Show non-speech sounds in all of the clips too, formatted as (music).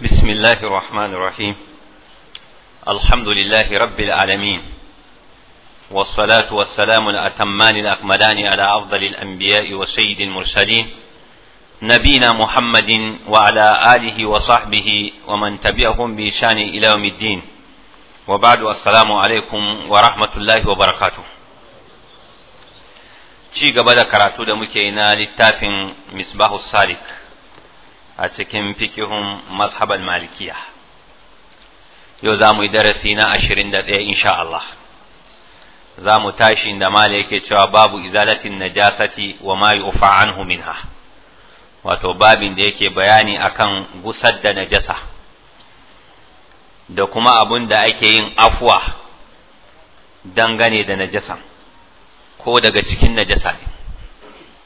بسم الله الرحمن الرحيم الحمد لله رب العالمين والصلاة والسلام الأتمان الأكملان على أفضل الأنبياء وسيد المرسلين نبينا محمد وعلى آله وصحبه ومن تبعهم بإشان إلى يوم الدين وبعد السلام عليكم ورحمة الله وبركاته شيء قبل كراتو دمكينا للتافن مصباح السالك a cikin fikihun mazhaban malikiya yau za mu yi darasi na ashirin da ɗaya insha Allah za mu tashi da mala yake cewa babu izalatin najasati wa ma ufa'an anhu minha wato babin da yake bayani akan gusar da najasa da kuma abun da ake yin afuwa dangane da najasa ko daga cikin najasa ne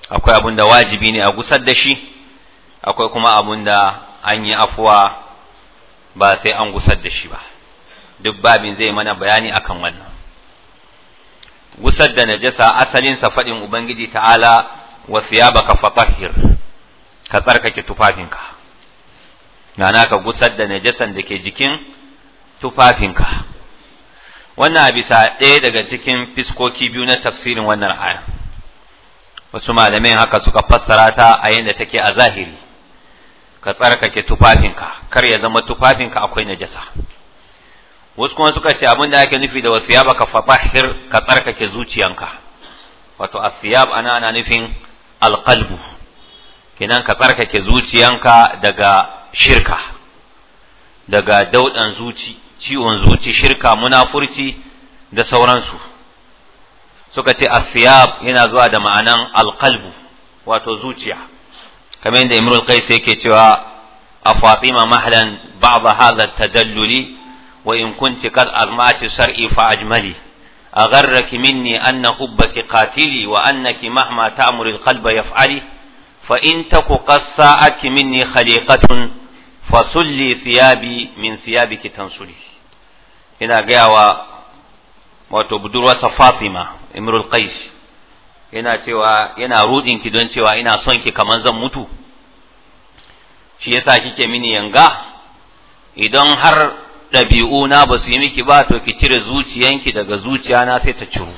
akwai abun da wajibi ne a gusar da shi akwai kuma abun da an yi afuwa ba sai an gusar da shi ba duk babin zai mana bayani akan wannan gusar da najasa asalinsa faɗin ubangiji ta'ala wa baka fatahhir ka tsarkake tufafinka na ka gusar da najasan da ke jikin tufafinka wannan bisa ɗaya daga cikin fiskoki biyu na tafsirin wannan aya wasu malamai haka suka fassara ta a yadda take a zahiri ka tsarkake tufafinka kar ya zama tufafinka akwai najasa wasu kuma suka ce abin da ake nufi da wasu yaba ka fatahir ka tsarkake zuciyanka wato asiyab ana ana nufin alqalbu kenan ka tsarkake zuciyanka daga shirka daga daudan zuci ciwon zuci shirka munafurci da sauransu suka ce asiyab yana zuwa da ma'anan alqalbu wato zuciya kamar da imrul qais yake cewa a fatima mahlan ba'd hadha tadalluli wa in kunti qad azmati sar'i fa ajmali أغرك مني أن حبك قاتلي وأنك مهما تأمر القلب يفعلي فإن تك قد ساءتك مني خليقة فسلي ثيابي من ثيابك تنسلي هنا جاء وتبدر وصفاطمة امرؤ القيس yana cewa yana rudin ki don cewa ina son ki kamar zan mutu shi yasa kike mini yanga idan har ɗabi'u na ba su yi miki ba to ki cire zuciyanki daga zuciyana sai ta ciro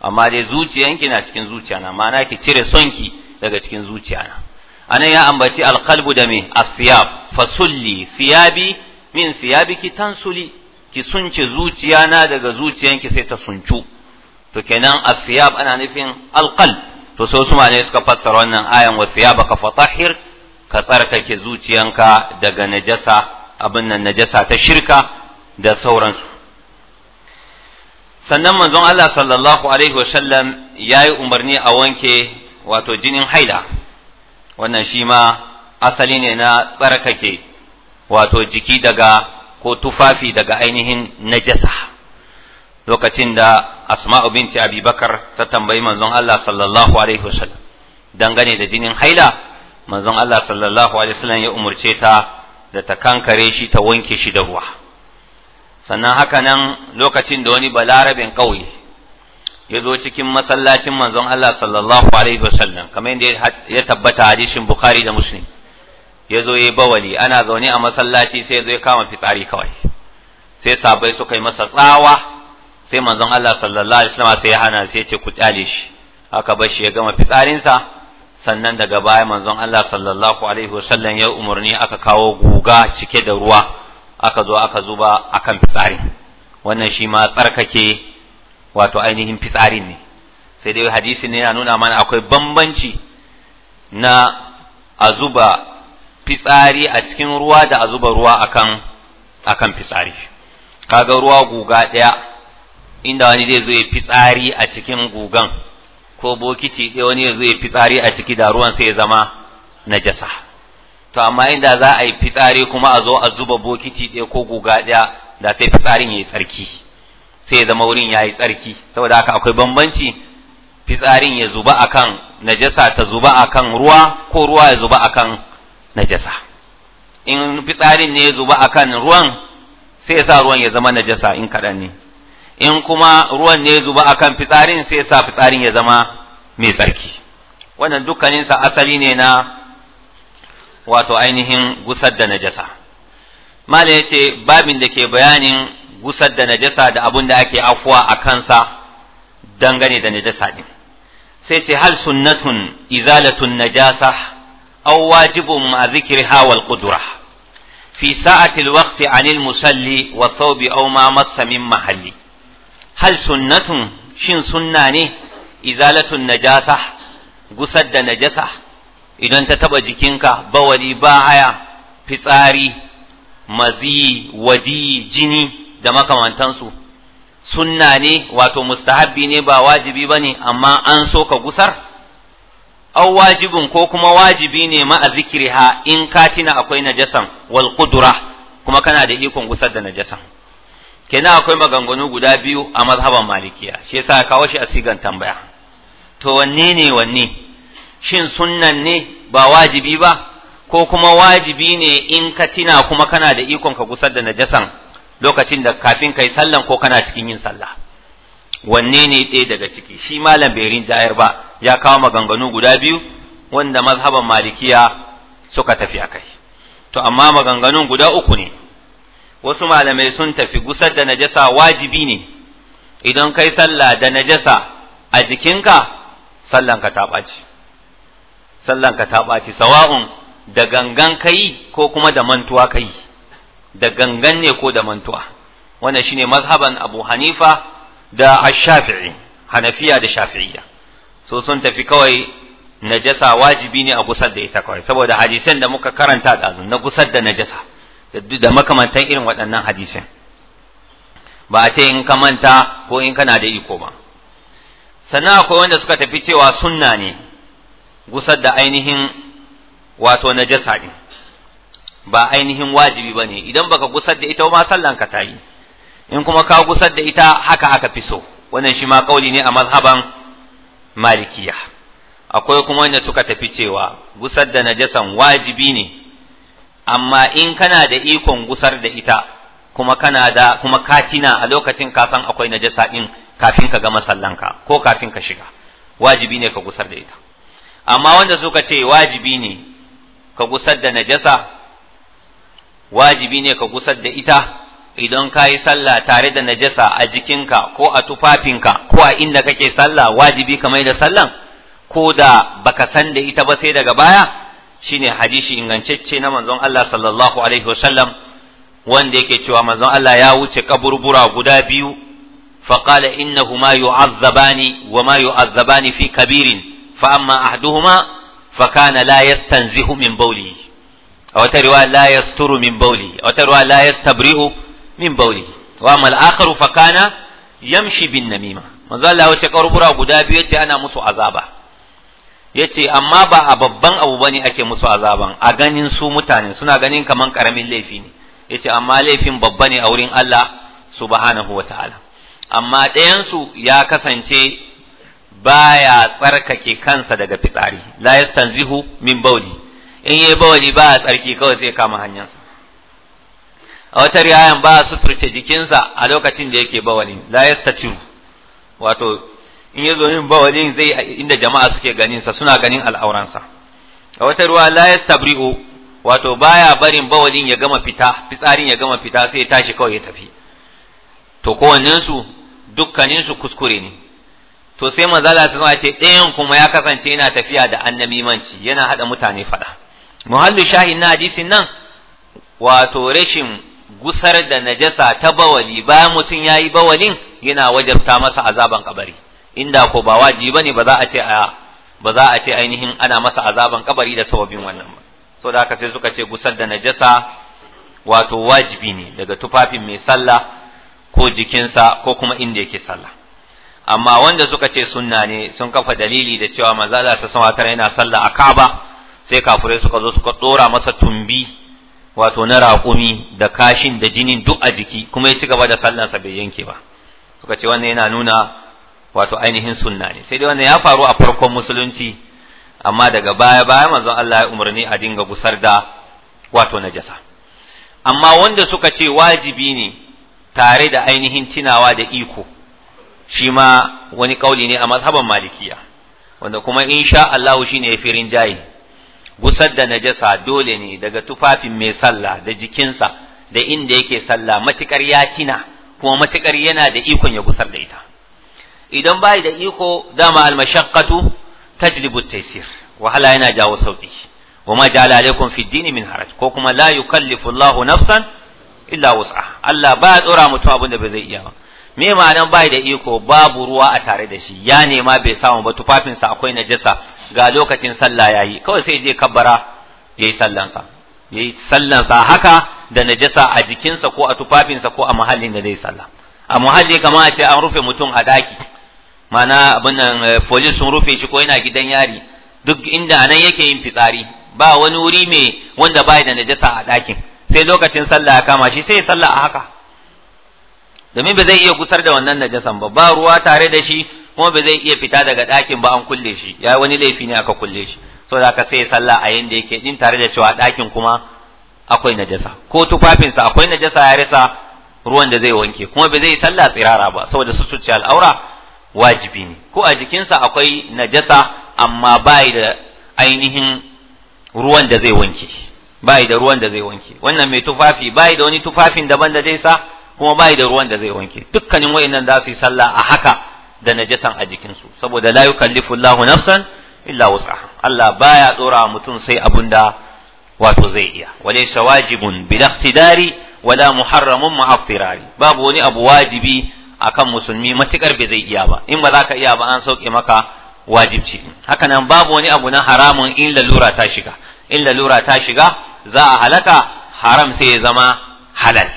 amma dai zuciyanki na cikin zuciyana ma'ana ki cire sonki daga cikin zuciyana anan ya ambaci alqalbu da me asiyab fasulli siyabi min siyabiki tansuli ki sunce zuciyana daga zuciyanki sai ta suncu to kenan asiyab ana nufin alqal to so su ne suka fassara wannan ayan wa thiyabaka fatahhir ka tsarkake zuciyanka daga najasa abin nan najasa ta shirka da sauransu sannan manzon Allah sallallahu alaihi wasallam yayi umarni a wanke wato jinin haila wannan shi ma asali ne na tsarkake wato jiki daga ko tufafi daga ainihin najasa lokacin da asma'u binti abi bakar ta tambayi manzon Allah sallallahu alaihi wasallam dangane da jinin haila manzon Allah sallallahu alaihi wasallam ya umurce ta da ta kankare shi ta wanke shi da ruwa sannan haka nan lokacin da wani balarabin ƙauye ya zo cikin masallacin manzon Allah sallallahu alaihi wasallam kamar yadda ya tabbata hadisin Bukhari da Muslim ya zo yi bawali ana zaune a masallaci sai ya zo ya kama fitsari kawai sai sabai suka yi masa tsawa sai manzon Allah sallallahu alaihi wasallam sai ya hana sai ya ce ku tsale shi aka bar shi ya gama fitsarinsa sannan daga baya manzon Allah sallallahu alaihi wasallam ya umarni aka kawo guga cike da ruwa aka zo aka zuba akan fitsarin wannan shi ma tsarkake wato ainihin fitsarin ne sai dai hadisi ne yana nuna mana akwai bambanci na a zuba fitsari a cikin ruwa da a zuba ruwa akan akan fitsari kaga ruwa guga ɗaya inda wani zai zo ya fitsari a cikin gugan ko bokiti ɗaya wani zai ya fitsari a ciki da ruwan sai ya zama najasa to amma inda za a yi fitsari kuma a zo a zuba bokiti ɗaya ko guga ɗaya da sai fitsarin ya yi tsarki sai ya zama wurin ya yi tsarki saboda haka akwai bambanci fitsarin ya zuba akan najasa ta zuba akan ruwa ko ruwa ya zuba akan najasa in fitsarin ne ya zuba akan ruwan sai ya sa ruwan ya zama najasa in kaɗan ne in kuma ruwan ne zuba akan fitsarin sai sa fitsarin ya zama mai tsarki wannan dukkaninsa asali ne na wato ainihin gusar da najasa malam ya ce babin da ke bayanin gusar da najasa da abun da ake afuwa a kansa dangane da najasa din sai ce hal sunnatun izalatun najasa aw wajibun ma zikriha hawal qudra fi sa'atil waqti anil musalli wa thawbi aw ma massa min mahalli hal sunnatun shin sunna ne izalatun najasa gusar da najasa idan ta taba jikinka bawali bahaya fitsari mazi wadi jini da makamantansu sunna ne wato mustahabbi ne ba wajibi bane amma an so ka gusar au wajibin ko kuma wajibi ne ma a zikiriha in katina akwai najasan wal qudra kuma kana da ikon gusar da najasan kenan akwai maganganu guda biyu a mazhaban malikiya shi yasa kawo shi a sigan tambaya to wanne ne wanne shin sunnan ne ba wajibi ba ko kuma wajibi ne in ka tina kuma kana da ikon ka gusar da najasan lokacin da kafin kai sallan ko kana cikin yin sallah wanne ne ɗaya daga ciki shi malam bai rinjayar ba ya kawo maganganu guda biyu wanda mazhaban malikiya suka tafi a kai. to amma maganganun guda uku ne wasu malamai sun tafi gusar da najasa wajibi ne idan kai sallah da najasa a jikinka sallanka ta ɓaci sallanka ta ɓaci sawa'un da gangan kai ko kuma da mantuwa kai da gangan ne ko da mantuwa wannan shine mazhaban Abu Hanifa da Ash-Shafi'i Hanafiya da Shafi'iyya so sun tafi kawai najasa wajibi ne a gusar da ita kawai saboda hadisan da muka karanta ɗazu na gusar da najasa da makamantan irin waɗannan hadisin ba a ce in ka manta ko in kana da iko ba sannan akwai wanda suka tafi cewa sunna ne gusar da ainihin wato jasa ne ba ainihin wajibi ba ne idan baka gusar da ita ma sallan ka ta yi in kuma ka gusar da ita haka aka fi so wannan shi ma kauli ne a mazhaban malikiya akwai kuma wanda suka tafi cewa gusar da najasan wajibi ne amma in kana da ikon gusar da ita kuma kana da kuma katina a lokacin ka san akwai najasa din kafin ka gama sallanka ko kafin ka shiga wajibi ne ka gusar da ita amma wanda suka ce wajibi ne ka gusar da najasa wajibi ne ka gusar da ita idan ka yi sallah tare da najasa a jikinka ko a tufafinka ko a inda kake sallah wajibi ka mai da sallan ko da baka san da ita ba sai daga baya shine hadisi ingantacce na manzon Allah sallallahu alaihi wasallam wanda yake cewa manzon Allah ya wuce kaburbura guda biyu فقال إنهما يعذبان وما يعذبان في كبير فأما أحدهما فكان لا يستنزه من بوله أو تروى لا يستر من بوله أو تروى لا يستبرئ من بوله وأما الآخر yamshi يمشي بالنميمة manzo Allah ya wuce kaburbura guda biyu ce ana musu azaba yace amma ba a babban abu ba bane ake musu azaban a ganin su mutane suna ganin kaman karamin laifi ne yace amma laifin babba ne a wurin Allah subhanahu taala amma ɗayan su ya kasance baya tsarkake kansa daga fitsari la yastanzihu min bawli in yayi bawli ba a tsarki kawai zai kama hanyarsa a wata riyayen ba a suturce jikinsa a lokacin da yake bawali la yastatiru wato in ya zo ba bawalin zai inda jama'a suke ganin sa suna ganin al'auransa a wata ruwa la yastabri'u wato baya barin bawalin ya gama fita fitsarin ya gama fita sai ya tashi kawai ya tafi to kowannen su dukkanin su kuskure ne to sai manzala ta ce ɗayan kuma ya kasance yana tafiya da manci yana hada mutane fada muhallu shahin na hadisin nan wato rashin gusar da najasa ta bawali bayan mutum ya yi bawalin yana wajabta masa azaban kabari inda ko ba wajibi bane ba za a ce a ba za a ce ainihin ana masa azaban kabari da sababin wannan ba so da haka sai suka ce gusar da najasa wato wajibi ne daga tufafin mai sallah ko jikinsa ko kuma inda yake sallah amma wanda suka ce sunna ne sun kafa dalili da cewa manzo Allah sa sama tare yana sallah a Kaaba sai kafirai suka zo suka dora masa tumbi wato na raƙumi da kashin da jinin duk a jiki kuma ya ci gaba da sallansa bai yanke ba suka ce wannan yana nuna wato ainihin sunna ne sai dai wannan ya faru a farkon musulunci amma daga baya baya manzon Allah ya umarni a dinga gusar da wato najasa amma wanda suka ce wajibi ne tare da ainihin tinawa da iko shi ma wani kauli ne a mazhaban malikiya wanda kuma insha Allah shi ya yafi jayi gusar da najasa dole ne daga tufafin mai sallah da jikinsa da inda yake sallah matukar ya kuma matukar yana da ikon ya gusar da ita idan bai da iko dama almashaqqatu tajlibu at-taysir wahala yana jawo sauki wama ja'ala alaykum fi dini min haraj ko kuma la yukallifu Allahu nafsan illa wus'a Allah ba tsora mutum abin da bai zai iya ba me ma'anan bai da iko babu ruwa a tare da shi ya nema bai samu ba tufafinsa akwai najasa ga lokacin sallah yayi kawai sai je kabbara yayi sallansa yayi sallansa haka da najasa a jikinsa ko a tufafinsa ko a muhallin da zai sallah a muhalli kamar a ce an rufe mutum a daki mana abin nan eh, polis sun rufe shi ko yana gidan yari duk inda anan yake yin fitsari ba wani wuri mai wanda bai da najasa a ɗakin sai lokacin sallah ya kama shi sai ya sallah a haka domin ba zai iya gusar da wannan najasan ba ba ruwa tare da shi kuma ba zai iya fita daga ɗakin ba an kulle shi ya wani laifi ne aka kulle shi saboda haka sai ya sallah a yanda yake din tare da cewa ɗakin kuma akwai najasa ko tufafinsa akwai najasa ya rasa ruwan da zai wanke kuma ba zai sallah tsirara ba saboda sutuce al'aura wajibi ne ko a jikinsa akwai najasa amma bai da ainihin ruwan da zai wanke bai da ruwan da zai wanke wannan mai tufafi bai da wani tufafin daban da zai sa kuma bai da ruwan da zai wanke dukkanin wayannan za su yi sallah a haka da najasan a jikinsu saboda la yukallifu Allahu nafsan illa wus'aha Allah baya tsorawa mutum sai da wato zai iya walaysa wajibun bil ihtidari wala muharramun ma'a babu wani abu wajibi akan musulmi matukar bai zai iya ba in ba za ka iya ba an sauke maka wajibci haka nan babu wani abu na haramun in lalura ta shiga in lalura ta shiga za a halaka haram sai ya zama halal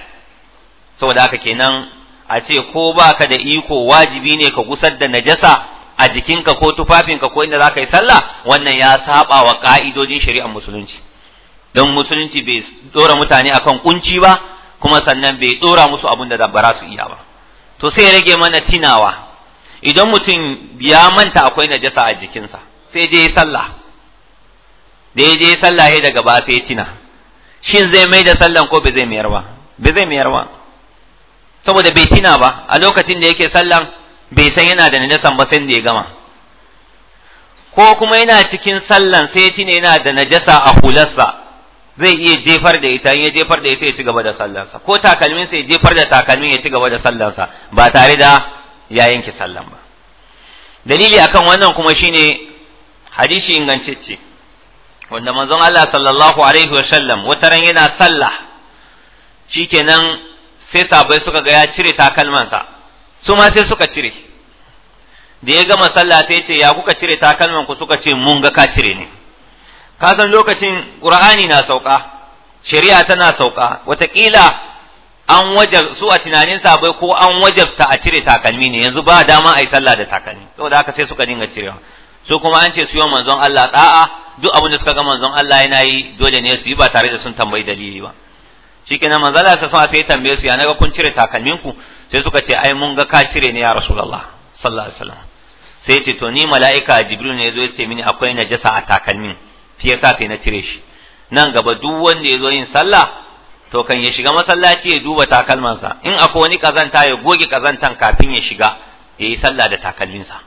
saboda haka kenan a ce ko baka da iko wajibi ne ka gusar da najasa a jikinka ko tufafinka ko inda za ka yi sallah wannan ya saba wa ka'idojin shari'ar musulunci don musulunci bai dora mutane akan kunci ba kuma sannan bai dora musu abin da za su iya ba to sai rage mana tinawa idan mutum ya manta akwai najasa a jikinsa sai je sallah da ya je sallah ya daga ba sai tina shin zai mai da sallan ko bai zai mayar ba bai zai mayar ba saboda bai tina ba a lokacin da yake sallan bai san yana da najasan ba sai da ya gama ko kuma yana cikin sallan sai tina yana da najasa a hularsa zai iya jefar da ita in ya jefar da ita ya ci gaba da sallansa ko takalmin sai ya jefar da takalmin ya ci gaba da sallansa ba tare da ya yanke sallan ba dalili akan wannan kuma shine hadisi ingantacce wanda manzon Allah sallallahu alaihi wasallam ran yana sallah shikenan sai sabai suka ga ya cire takalmansa su ma sai suka cire da ya gama sallah sai ya ce ya kuka cire takalman ku suka ce mun ga ka cire ne ka san lokacin qur'ani na sauka shari'a tana sauka watakila an wajab su a tunanin sabai ko an wajabta a cire takalmi ne yanzu ba dama a yi sallah da takalmi saboda haka sai suka dinga cirewa su kuma an ce su yi manzon Allah da'a duk abin da suka ga manzon Allah yana yi dole ne su yi ba tare da sun tambayi dalili ba shi kenan manzon Allah sai sai ya tambaye su ya naga kun cire takalmin ku sai suka ce ai mun ga ka cire ne ya rasulullah sallallahu alaihi wasallam sai ce to ni mala'ika jibril ne zo ya ce mini akwai najasa a takalmin shi yasa sai na cire shi nan gaba duk wanda ya zo yin sallah to kan ya shiga masallaci ya duba takalmansa in akwai wani kazanta ya goge kazantan kafin ya shiga ya yi sallah da takalminsa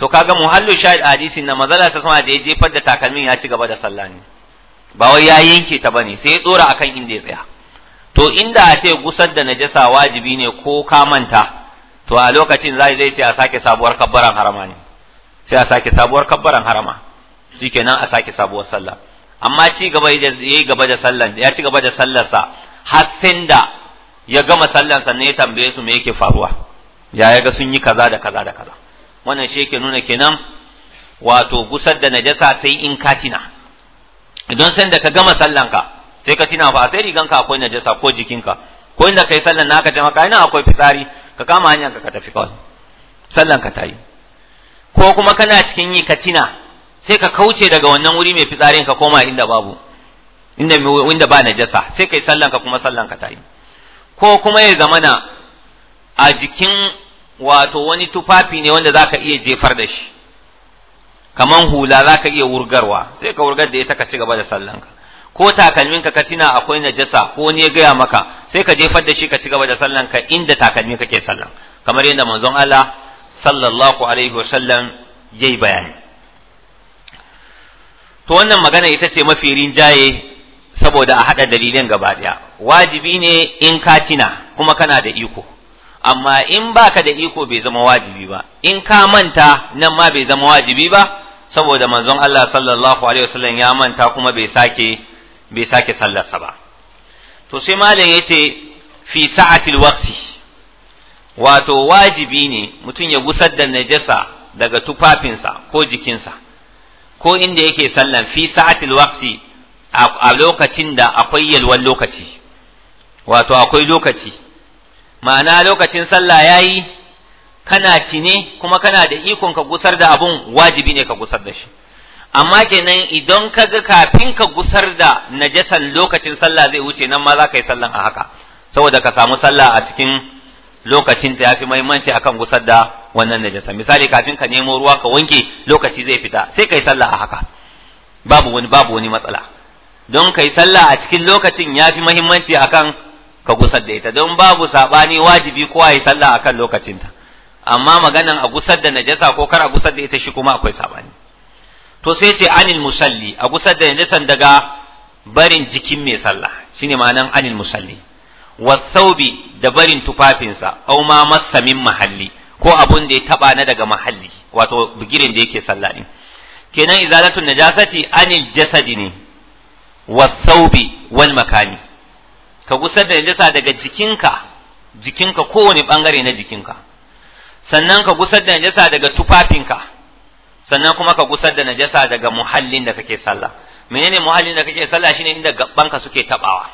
to kaga muhallu shahid hadisin na mazala ta sama da ya jefar da takalmin ya ci gaba da sallah ne ba wai ya yanke ta bane sai ya tsora akan inda ya tsaya to inda a ce gusar da najasa wajibi ne ko ka manta to a lokacin zai zai ce a sake sabuwar kabbaran harama ne sai a sake sabuwar kabbaran harama shikenan a sake sabuwar sallah amma ci gaba yi gaba da sallan ya ci gaba da sallarsa har sai da ya gama sallan sannan ya tambaye su me yake faruwa ya ya ga sun yi kaza da kaza da kaza wannan shi yake nuna kenan wato gusar da najasa sai in ka tina idan sai da ka gama ka, sai ka tina fa sai riganka akwai najasa ko jikinka ko inda kai sallan naka jama'a kai nan akwai fitsari ka kama hanyar ka tafi kawai sallan ka tayi ko kuma kana cikin yi ka tina sai ka kauce daga wannan wuri mai fitsarin ka koma inda babu inda inda ba najasa sai kai sallan ka kuma sallan ka tayi ko kuma ya zamana a jikin wato wani tufafi ne wanda zaka iya jefar da shi kaman hula zaka iya wurgarwa sai ka wurgar da ita ka ci gaba da sallan ka ko takalmin ka katina akwai najasa ko ne gaya maka sai ka jefar da shi ka ci gaba da sallan ka inda takalmi kake sallan kamar yadda manzon Allah sallallahu alaihi wasallam yayi bayani to wannan magana ita ce mafi rinjaye saboda a haɗa dalilin gaba ɗaya wajibi ne in ka tina kuma kana da iko amma in baka da iko bai zama wajibi ba in ka manta nan ma bai zama wajibi ba saboda manzon Allah sallallahu alaihi wasallam ya manta kuma bai sake bai sake sallarsa ba to sai malam yace fi sa'atil waqti wato wajibi ne mutum ya gusar da najasa daga tufafinsa ko jikinsa ko inda yake sallan fi sa'atil waqti a lokacin da akwai yalwan lokaci wato akwai lokaci ma'ana lokacin sallah yayi kana cine kuma kana da ikon ka gusar da abun wajibi ne ka gusar da shi amma kenan idan ka ga kafin ka gusar da najasan lokacin sallah zai wuce nan ma za ka yi sallan a haka saboda ka samu sallah a cikin lokacin ta yafi muhimmanci akan gusar da wannan najasa misali kafin ka nemo ruwa ka wanke lokaci zai fita sai kai sallah a haka babu wani babu wani matsala don kai sallah a cikin lokacin ya fi muhimmanci akan ka gusar da ita don babu sabani wajibi kowa yi sallah akan lokacinta amma maganan a gusar da najasa ko kar a gusar da ita shi kuma akwai sabani to sai ce anil musalli a gusar da najasan daga barin jikin mai sallah shine ma'anan anil musalli wasaubi da barin tufafinsa au ma massa min mahalli ko abun da ya taba na daga mahalli wato bigirin da yake sallah din kenan izalatu najasati anil jasadi ne wasaubi wal makani ka gusar da najasa daga jikinka jikinka kowane bangare na jikinka sannan ka gusar da najasa daga tufafinka sannan kuma ka gusar da najasa daga muhallin da kake sallah menene muhallin da kake sallah shine inda gabbanka suke tabawa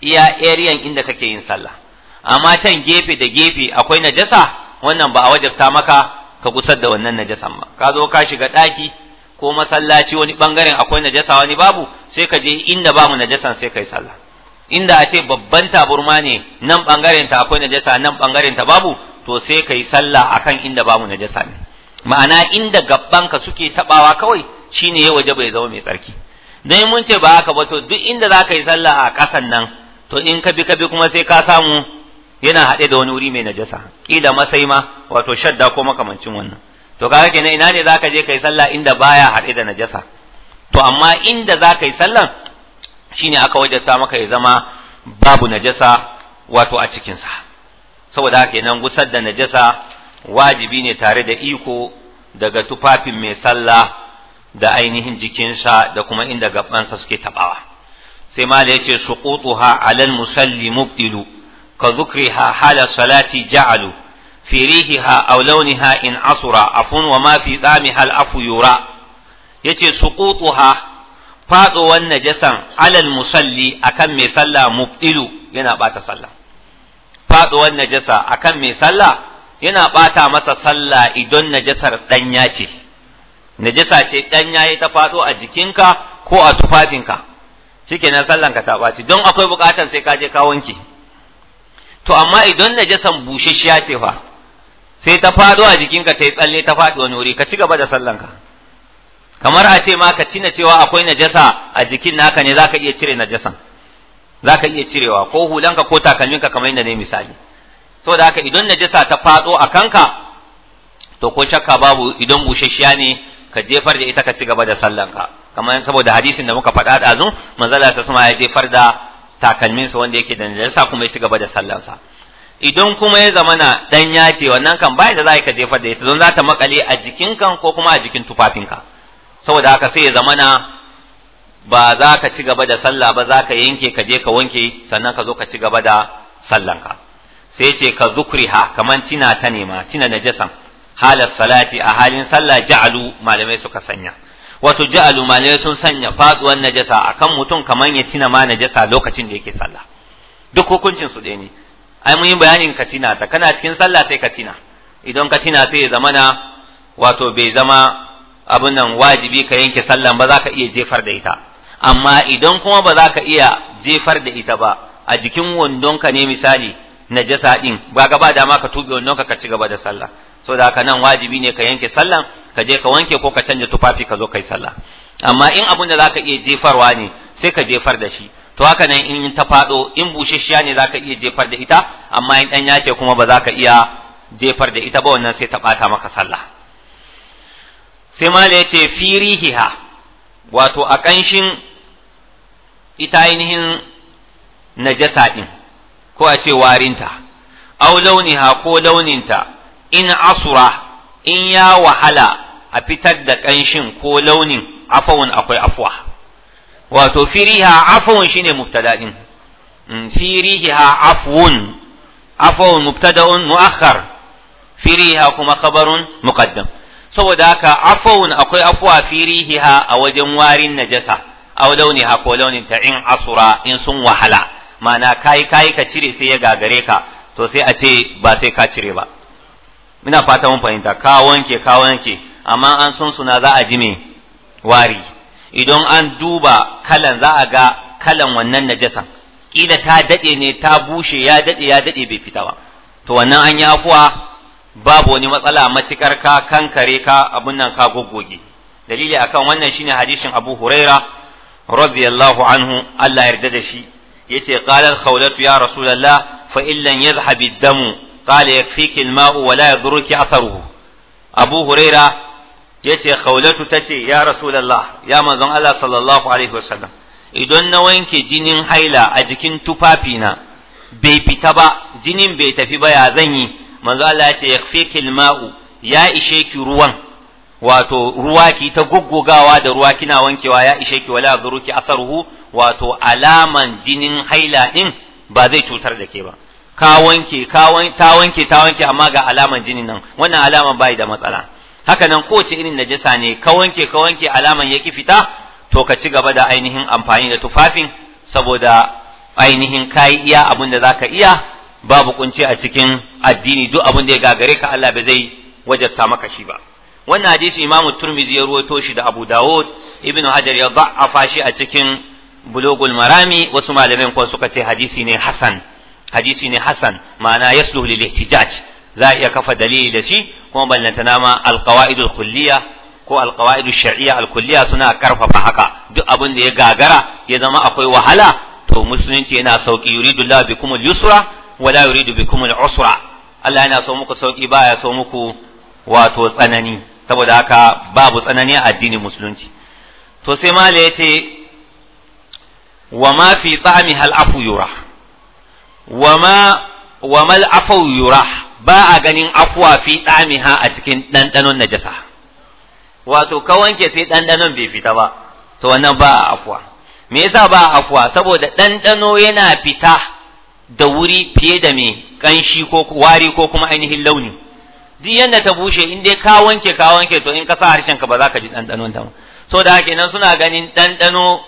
iya area inda kake yin sallah amma can gefe da gefe akwai najasa wannan ba a wajabta maka ka gusar da wannan najasan ba ka zo ka shiga ɗaki ko masallaci wani bangaren akwai najasa wani babu sai ka je inda mu najasan sai ka kai sallah inda a ce babban taburma ne nan bangaren ta akwai najasa nan bangaren ta babu to sai kai sallah akan inda mu najasa ne ma'ana inda gabbanka suke taɓawa kawai shine ya waje bai zama mai tsarki dan mun ce ba haka ba to duk inda za ka yi sallah a kasan nan to in ka bi ka bi kuma sai ka samu yana haɗe da wani wuri mai najasa kila masai ma wato shadda ko makamancin wannan to kaga kenan ina ne zaka je kai sallah inda baya haɗe da najasa to amma inda zaka yi sallan shine aka wajarta maka ya zama babu najasa wato a cikin sa saboda haka kenan gusar da najasa wajibi ne tare da iko daga tufafin mai sallah da ainihin jikinsa da kuma inda gabansa suke tabawa sai ma da yace suqutuha alal musalli mubtilu ka zukriha hala salati ja'alu fi rihiha aw launiha in asura afun wa ma fi tsamiha al'afu yura yace suqutuha faduwan najasan alal musalli akan mai sallah mubdilu yana bata sallah faduwan najasa akan mai sallah yana ɓata masa sallah idan najasar danya ce najasa ce danya ya ta fado a jikinka ko a tufafinka shikenan sallanka ta baci don akwai bukatan sai ka je ka wanke to amma idan najasan bushashiya ce fa sai ta fado a jikinka ta yi tsalle ta faɗi wani wuri ka ci gaba da sallanka kamar a ce ma ka tina cewa akwai najasa a jikin naka ne zaka iya cire najasan zaka iya cirewa ko hulanka ko takalminka kamar yadda ne misali saboda haka idan najasa ta fado a kanka to ko shakka babu idan bushashiya ne ka jefar da ita ka ci gaba da sallanka kamar saboda hadisin da muka faɗa ɗazu manzala sa suma ya jefar da takalminsa wanda yake da najasa kuma ya ci gaba da sallansa idan kuma ya zamana dan ya ce wannan kan bai da za ka jefar da ita don za ta makale a jikin kan ko kuma a jikin tufafinka saboda haka sai ya zamana ba za ka ci gaba da sallah ba za ka yanke ka je ka wanke sannan ka zo ka ci gaba da sallanka sai ce ka zukriha kamar tina ta nema tina najasan halar salati a halin sallah ja'alu malamai suka sanya wato ja'alu malai sun sanya faduwar najasa akan mutum kaman ya tina ma najasa lokacin da yake sallah duk hukuncin su ne ai mun yi bayanin katina ta kana cikin sallah sai katina idan katina sai ya na, wato bai zama abin nan wajibi ka yanke sallan ba za ka iya jefar da ita amma idan kuma ba za ka iya jefar da ita ba a jikin wandonka ne misali najasa din ba gaba dama ka tuɓe wandonka ka ci gaba da sallah so da haka nan wajibi ne ka yanke sallan ka je ka wanke ko ka canja tufafi ka zo kai sallah amma in abin da zaka iya jefarwa ne sai ka jefar da shi to haka nan in ta fado in bushashiya ne zaka iya jefar da ita amma in dan yace kuma ba zaka iya jefar da ita ba wannan sai ta bata maka sallah sai mala yace firihiha wato a kanshin ita ainihin najasa din ko a ce warinta au launiha ko launinta in asura in ya wahala a fitar da ƙanshin ko launin afawun akwai afuwa wato firiha afawun shine mubtada din mm, firiha afwun afawun mubtada'un muakhar firiha kuma khabarun muqaddam saboda haka afawun akwai afuwa firiha a wajen warin najasa aw ha ko launin ta in asura in sun wahala ma'ana kai kai ka cire sai ya gagare ka to sai a ce ba sai ka cire ba ina fata mun fahimta ka wanke ka wanke amma an sun suna za a ji me wari idan an duba kalan za a ga kalan wannan najasan kila ta dade ne ta bushe ya dade ya dade bai fita ba to wannan an yi afuwa babu wani matsala matikar ka kankare ka abun nan ka goggoge dalili akan wannan shine hadisin Abu Huraira radiyallahu anhu Allah yarda da shi yace qala al-khawlatu ya rasulullah fa illan lam yadhhab ad-damu قال يكفيك الماء ولا يضرك أثره أبو هريرة yace khawlatu tace ya rasulullah ya manzon Allah sallallahu alaihi wasallam idan na wanke jinin haila a jikin tufafina bai fita ba jinin bai tafi ba ya zan yi manzo Allah yace yakfiki alma'u ya ishe ki ruwan wato ruwa ki ta goggogawa da ruwa kina wankewa ya ishe ki wala zuruki asaruhu wato alaman jinin haila din ba zai cutar da ke ba ka wanke ka ta wanke ta wanke amma ga alaman jinin nan wannan alaman bai da matsala haka nan kowace irin najasa ne ka wanke ka wanke alaman yaki fita to ka ci gaba da ainihin amfani da tufafin saboda ainihin kai iya abin da zaka iya babu kunci a cikin addini duk abun da ya gagare ka Allah bai zai wajarta maka shi ba wannan hadisi imamu turmizi ya ruwaito shi da abu dawud ibnu hajar ya da'afa shi a cikin bulugul marami wasu malamin ko suka ce hadisi ne hasan hadisi ne hasan ma'ana Yaslu lil ihtijaj za a iya kafa dalili da shi kuma ballantana ma alqawaidul kulliya ko alqawaidu shar'iyya alkulliya suna karfafa haka duk abin da ya gagara ya zama akwai wahala to musulunci yana sauki yuridu la bikumul yusra wala yuridu bikumul usra Allah yana so muku sauki baya so muku wato tsanani saboda haka babu tsanani a addinin musulunci to sai mala yace wa ma fi ta'mi hal afu yura Wama wamal afau yura ba a ganin afuwa fi ɗamiha a cikin ɗanɗanon najasa wato ka wanke sai ɗanɗanon bai fita ba to wannan ba a afuwa me yasa ba a afuwa saboda ɗanɗano yana fita da wuri fiye da mai ƙanshi ko wari ko kuma ainihin launi duk yadda ta bushe in dai ka wanke ka wanke to in ka sa harshen ka ba za ka ji ɗanɗanon ta so da haka nan suna ganin ɗanɗano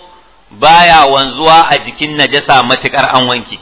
baya wanzuwa a jikin najasa matuƙar an wanke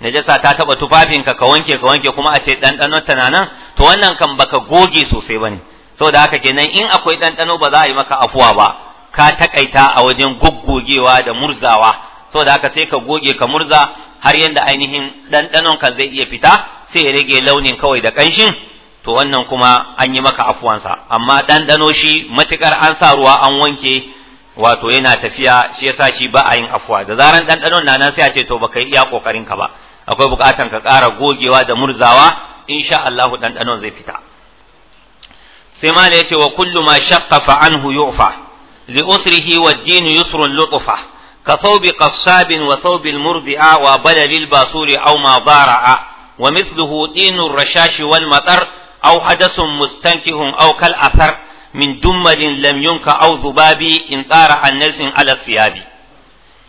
najasa ta taba tufafinka ka wanke ka wanke kuma a ce ɗanɗanon ta nan to wannan kan baka goge sosai bane saboda haka kenan in akwai ɗanɗano ba za a yi maka afuwa ba ka takaita a wajen goggogewa da murzawa saboda haka sai ka goge ka murza har yanda ainihin ɗanɗanon kan zai iya fita sai ya rage launin kawai da ƙanshin to wannan kuma an yi maka afuwansa amma ɗanɗano shi matukar an sa ruwa an wanke wato yana tafiya shi yasa shi ba a yin afuwa da zaran ɗanɗanon na nan sai a ce to baka yi iya kokarin ka ba akwai bukatan ka ƙara gogewa da murzawa in sha Allah ɗanɗanon zai fita sai ma ya ce wa kullu ma shaqqa fa anhu yu'fa li usrihi wa ad-din yusrun lutfa ka thawbi qassab wa thawbi al-murdi'a wa balalil basuri aw ma dara'a wa mithluhu dinu ar-rashash wal matar aw hadathun mustankihun aw kal athar min dummalin lam yunka aw zubabi in tara an nasin ala thiyabi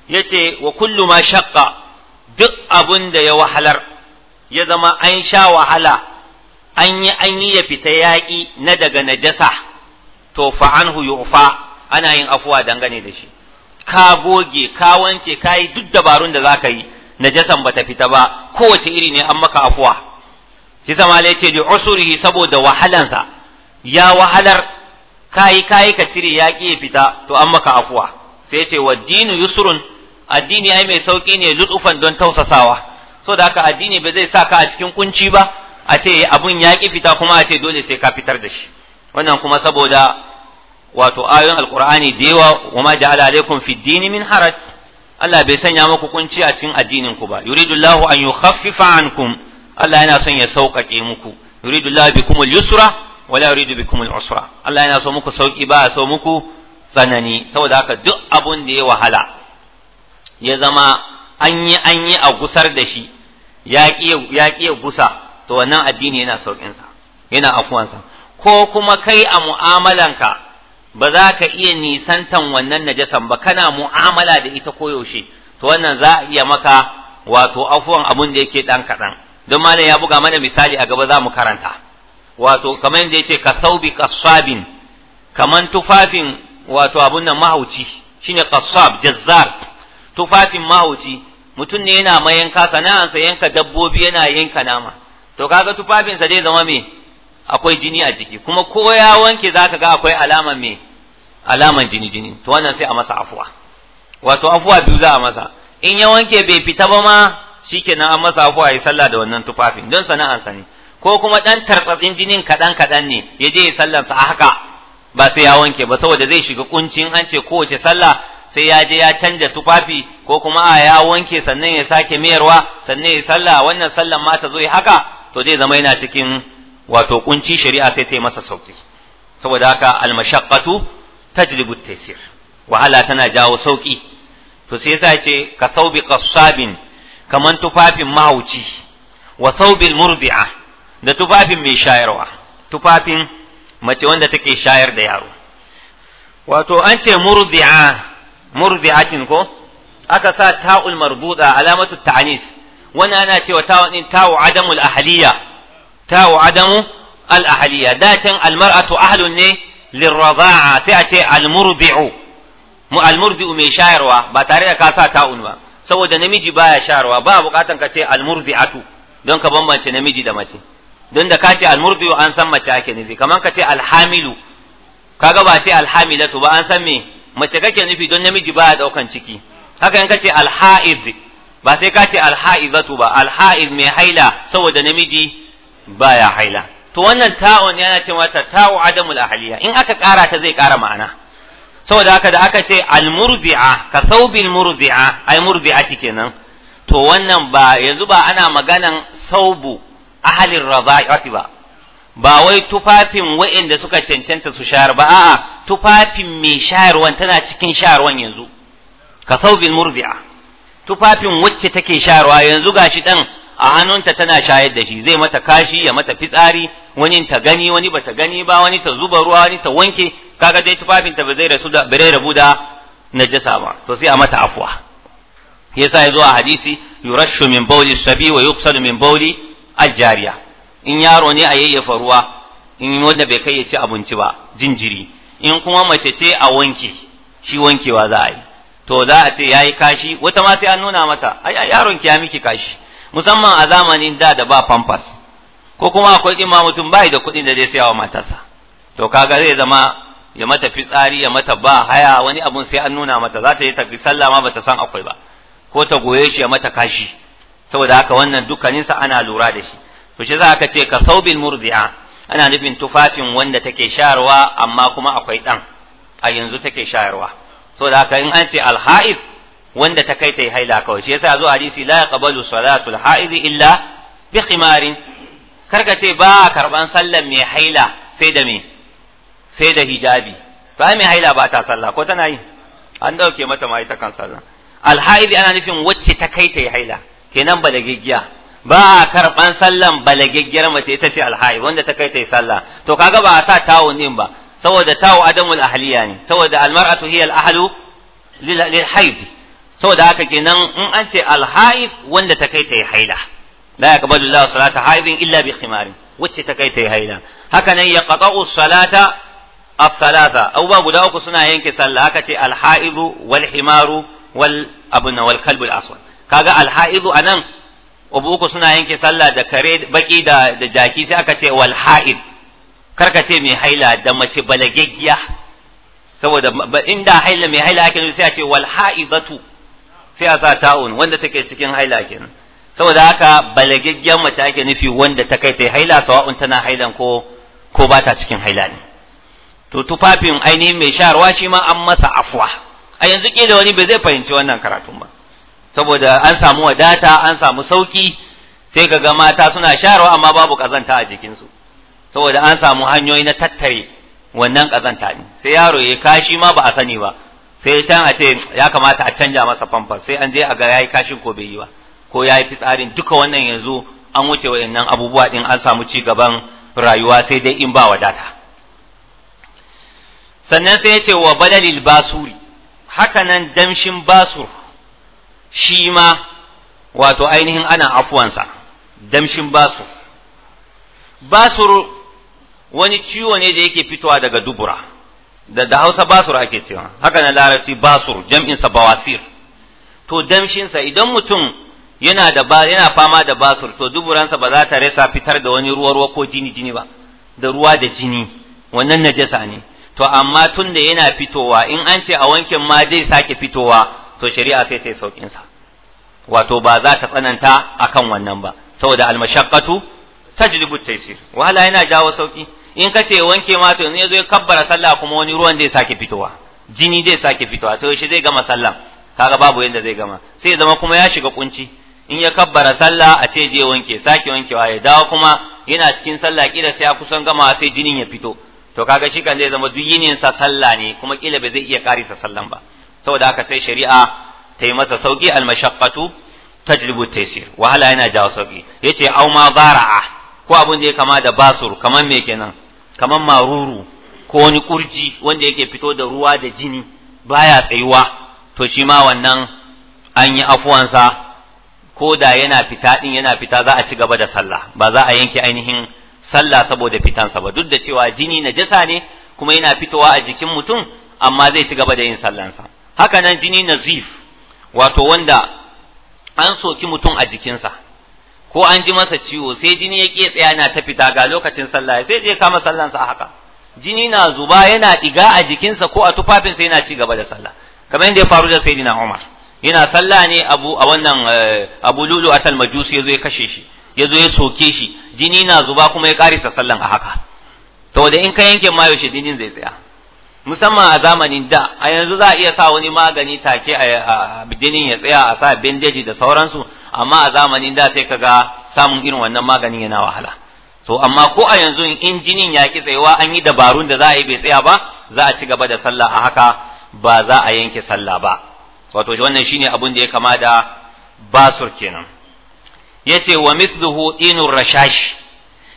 yace wa kullu ma shaqqa duk abun da ya wahalar ya zama an sha wahala an yi an yi ya fita yaƙi na daga najasa to fa yufa ana yin afuwa dangane da shi ka goge ka wance ka yi duk dabarun da za ka yi najasan bata fita ba kowace iri ne an maka afuwa shi sama ya ce li usurihi saboda wahalansa ya wahalar kayi kayi ka cire yaƙi ya fita to an maka afuwa sai ya ce wa dinu yusrun addini ai mai sauki ne lutufan don tausasawa so da haka addini ba zai sa ka a cikin kunci ba a ce abun ya ki fita kuma a ce dole sai ka fitar da shi wannan kuma saboda wato ayoyin alkur'ani da yawa wa ma ja'ala alaikum fid dini min haraj Allah bai sanya muku kunci a cikin addinin ku ba yuridullahu an yukhaffifa ankum Allah yana son ya sauƙaƙe muku yuridullahu bikumul yusra wala yuridu bikumul usra Allah yana so muku sauki ba so muku tsanani saboda haka duk abun da ya wahala ya zama an yi an yi a gusar da shi ya ya gusa to wannan addini yana sauƙinsa yana afuwansa ko kuma kai a mu'amalanka ba za ka iya nisantan wannan najasan ba kana mu'amala da ita koyaushe to wannan za a iya maka wato afuwan abun da yake ɗan kaɗan don malam ya buga mana misali a gaba za mu karanta wato kamar yadda ce ka saubi kasabin kaman tufafin wato abun nan mahauci shine kasab jazzar tufafin mahauci mutum ne yana mayanka sana'ansa yanka dabbobi yana yanka nama to kaga tufafinsa zai zama me akwai jini a ciki kuma ko ya wanke zaka ga akwai alaman me alaman jini jini to wannan sai a masa afuwa wato afuwa biyu za a masa in ya wanke bai fita ba ma shikenan an masa afuwa ya sallah da wannan tufafin don sana'ansa ne ko kuma dan tartsatsin jinin kadan kadan ne ya je ya sallansa a haka ba sai ya wanke ba saboda zai shiga kuncin an ce kowace sallah sai ya je ya canja tufafi ko kuma a ya wanke sannan ya sake mayarwa sannan ya sallah wannan sallan ma ta zo haka to zai zama yana cikin wato kunci shari'a sai ta yi masa sauki saboda haka almashaqqatu tajlibu at-taysir wahala tana jawo sauki to sai yasa ce ka saubi qassabin kaman tufafin mahauci wa saubil murdi'a da tufafin mai shayarwa tufafin mace wanda take shayar da yaro wato an ce murdi'a murbihatin ko aka sa ta'ul marbuda alamatu ta'anis wani ana cewa ta'un din ta'u adamu al-ahliya ta'u adamu al-ahliya datan al-mar'atu ahlun ne lirraba'a sai a ce al-murbi'u mu al-murbi'u mai shayarwa ba tare da ka sa ta'un ba saboda namiji baya shayarwa ba bukatan ka ce al-murbi'atu don ka bambance namiji da mace don da ka ce al-murbi'u an san mace ake nufi kamar ka ce al-hamilu kaga ba ce al-hamilatu ba an san me mace kake nufi don namiji baya daukan ciki haka in kace alha'iz ba sai kace alha'izatu ba alha'iz mai haila saboda namiji baya haila to wannan ta'un yana ce mata ta'u adamul ahliya in aka kara ta zai kara ma'ana saboda haka da aka ce almurbi'a ka saubil murbi'a ai murbi'ati kenan to wannan ba yanzu ba ana maganan saubu ahalin raza'i ba ba wai tufafin wa'inda suka cancanta su shayar ba a'a tufafin mai shayarwa tana cikin shayarwan yanzu ka saubin murbi'a tufafin wacce take shayarwa yanzu gashi dan a hannunta tana shayar da shi zai mata kashi ya mata fitsari wani ta gani wani ba ta gani ba wani ta zuba ruwa wani ta wanke kaga dai tufafin ta ba zai rasu da bare rabu najasa ba to sai a mata afwa yasa yazo a hadisi yurashu min bawli sabi wa min bawli ajariya in yaro ne a yayyafa ruwa in wanda bai kai ya ci abinci ba jinjiri in kuma mace ce a wanke shi wankewa za a yi to za a ce yayi kashi wata ma sai an nuna mata ai yaron ki ya miki kashi musamman a zamanin da da ba pampers ko kuma akwai din ma mutum bai da kuɗin da zai sayawa matarsa to kaga zai zama ya mata fitsari ya mata ba haya wani abun sai an nuna mata za ta yi tafi sallah ma bata san akwai ba ko ta goye shi ya mata kashi saboda haka wannan dukkaninsa ana lura da shi to shi za ka ce ka saubil murdi'a ana nufin tufafin wanda take shayarwa amma kuma akwai ɗan a yanzu take shayarwa so da haka in an ce alha'id wanda ta kai ta yi haila kawai shi yasa zo hadisi la yaqbalu salatul ha'id illa bi khimarin karka ce ba karban sallan mai haila sai da me sai da hijabi to mai haila ba ta sallah ko tana yi an dauke mata ma ita kan sallah alha'id ana nufin wacce ta kai ta yi haila kenan ba da gaggiya ba a karban sallan balagaggiyar mace ita ce alhayi wanda ta kai ta yi sallah to kaga ba a sa tawun din ba saboda tawu adamul ahliya ne saboda almar'atu hiya al-ahlu lil haid saboda haka kenan in an ce alhaif wanda ta kai ta yi haila la yaqbalu Allah salata haidin illa bi khimarin wacce ta kai ta yi haila haka nan ya qata'u salata as-salata abubuwa guda uku suna yanke sallah haka ce alhaidu wal himaru wal abuna wal kalbu al aswad kaga alhaidu anan abu uku suna yanke sallah da kare baki da da jaki sai aka ce wal ha'id karka ce mai haila da mace balagaggiya saboda inda haila mai haila ake sai a ce wal ha'idatu sai a sa ta'un wanda take cikin haila kenan saboda haka balagaggiyar mace ake nufi wanda ta kai ta haila sawa'un tana hailan ko ko ba ta cikin haila ne to tufafin ainihin mai sharwa shi ma an masa afwa a yanzu kila wani bai zai fahimci wannan karatun ba saboda an samu wadata an samu sauki sai ka ga mata suna sharawa amma babu kazanta a jikinsu saboda an samu hanyoyi na tattare wannan kazanta ne sai yaro ya kashi ma ba a sani ba sai can a ce ya kamata a canja masa famfar sai an je a ga yayi kashin ko bai yi ba ko yayi fitsarin duka wannan yanzu an wuce wayannan abubuwa din an samu ci gaban rayuwa sai dai in ba wadata sannan sai ya ce wa badalil basuri haka damshin basur shi ma wato ainihin ana afuwansa damshin basu basur wani ciwo ne da yake fitowa daga dubura da da hausa basur ake cewa haka na larabci basur jam'insa bawasir to damshinsa idan mutum yana da ba yana fama da basur to duburansa ba za ta rasa fitar da wani ruwa ruwa ko jini jini ba da ruwa da jini wannan najasa ne to amma tun da yana fitowa in an ce a wankin ma zai sake fitowa to shari'a sai ta yi saukin sa wato ba za ta tsananta akan wannan ba saboda almashaqqatu tajlibu taysir wahala yana jawo sauki in kace ce wanke ma to yanzu ya kabbara sallah kuma wani ruwan zai sake fitowa jini zai sake fitowa to shi zai gama sallah kaga babu yanda zai gama sai zama kuma ya shiga kunci in ya kabbara sallah a ce je wanke sake wankewa ya dawo kuma yana cikin sallah kila sai ya kusan gama sai jinin ya fito to kaga shi kan zai zama duk yinin sa sallah ne kuma kila bai zai iya karisa sallan ba saboda haka sai shari'a ta yi masa sauki almashaqqatu tajlibu taysir wahala yana jawo sauki yace au ma bara'a ko abun da ya kama da basur kaman me kenan kaman maruru ko wani kurji wanda yake fito da ruwa da jini baya tsayuwa to shi ma wannan an yi afuwansa ko da yana fita din yana fita za a ci gaba da sallah ba za a yanke ainihin sallah saboda fitansa ba duk da cewa jini na najasa ne kuma yana fitowa a jikin mutum amma zai ci gaba da yin sallansa haka nan jini nazif wato wanda an soki mutum a jikinsa ko an ji masa ciwo sai jini ya ke tsaya na ta fita ga lokacin sallah sai je kama sallansa a haka jini na zuba yana diga a jikinsa ko a tufafin sai yana ci gaba da sallah kamar yadda ya faru da sayyidina Umar yana sallah ne abu a wannan eh, abu lulu atal majusi yazo ya kashe shi yazo ya soke shi jini na zuba kuma ya karisa sallan a haka to saboda in ka yanke mayo shi jinin zai tsaya musamman a zamanin da a yanzu za a iya sa wani magani take a jinin ya tsaya a sa bandeji da sauransu amma a zamanin da sai kaga samun irin wannan maganin yana wahala To amma ko a yanzu in jinin ya ki tsayawa an yi dabarun da za a yi bai tsaya ba za a ci gaba da sallah a haka ba za a yanke sallah ba wato wannan shine abun da ya kama da basur kenan yace wa mithluhu inur rashash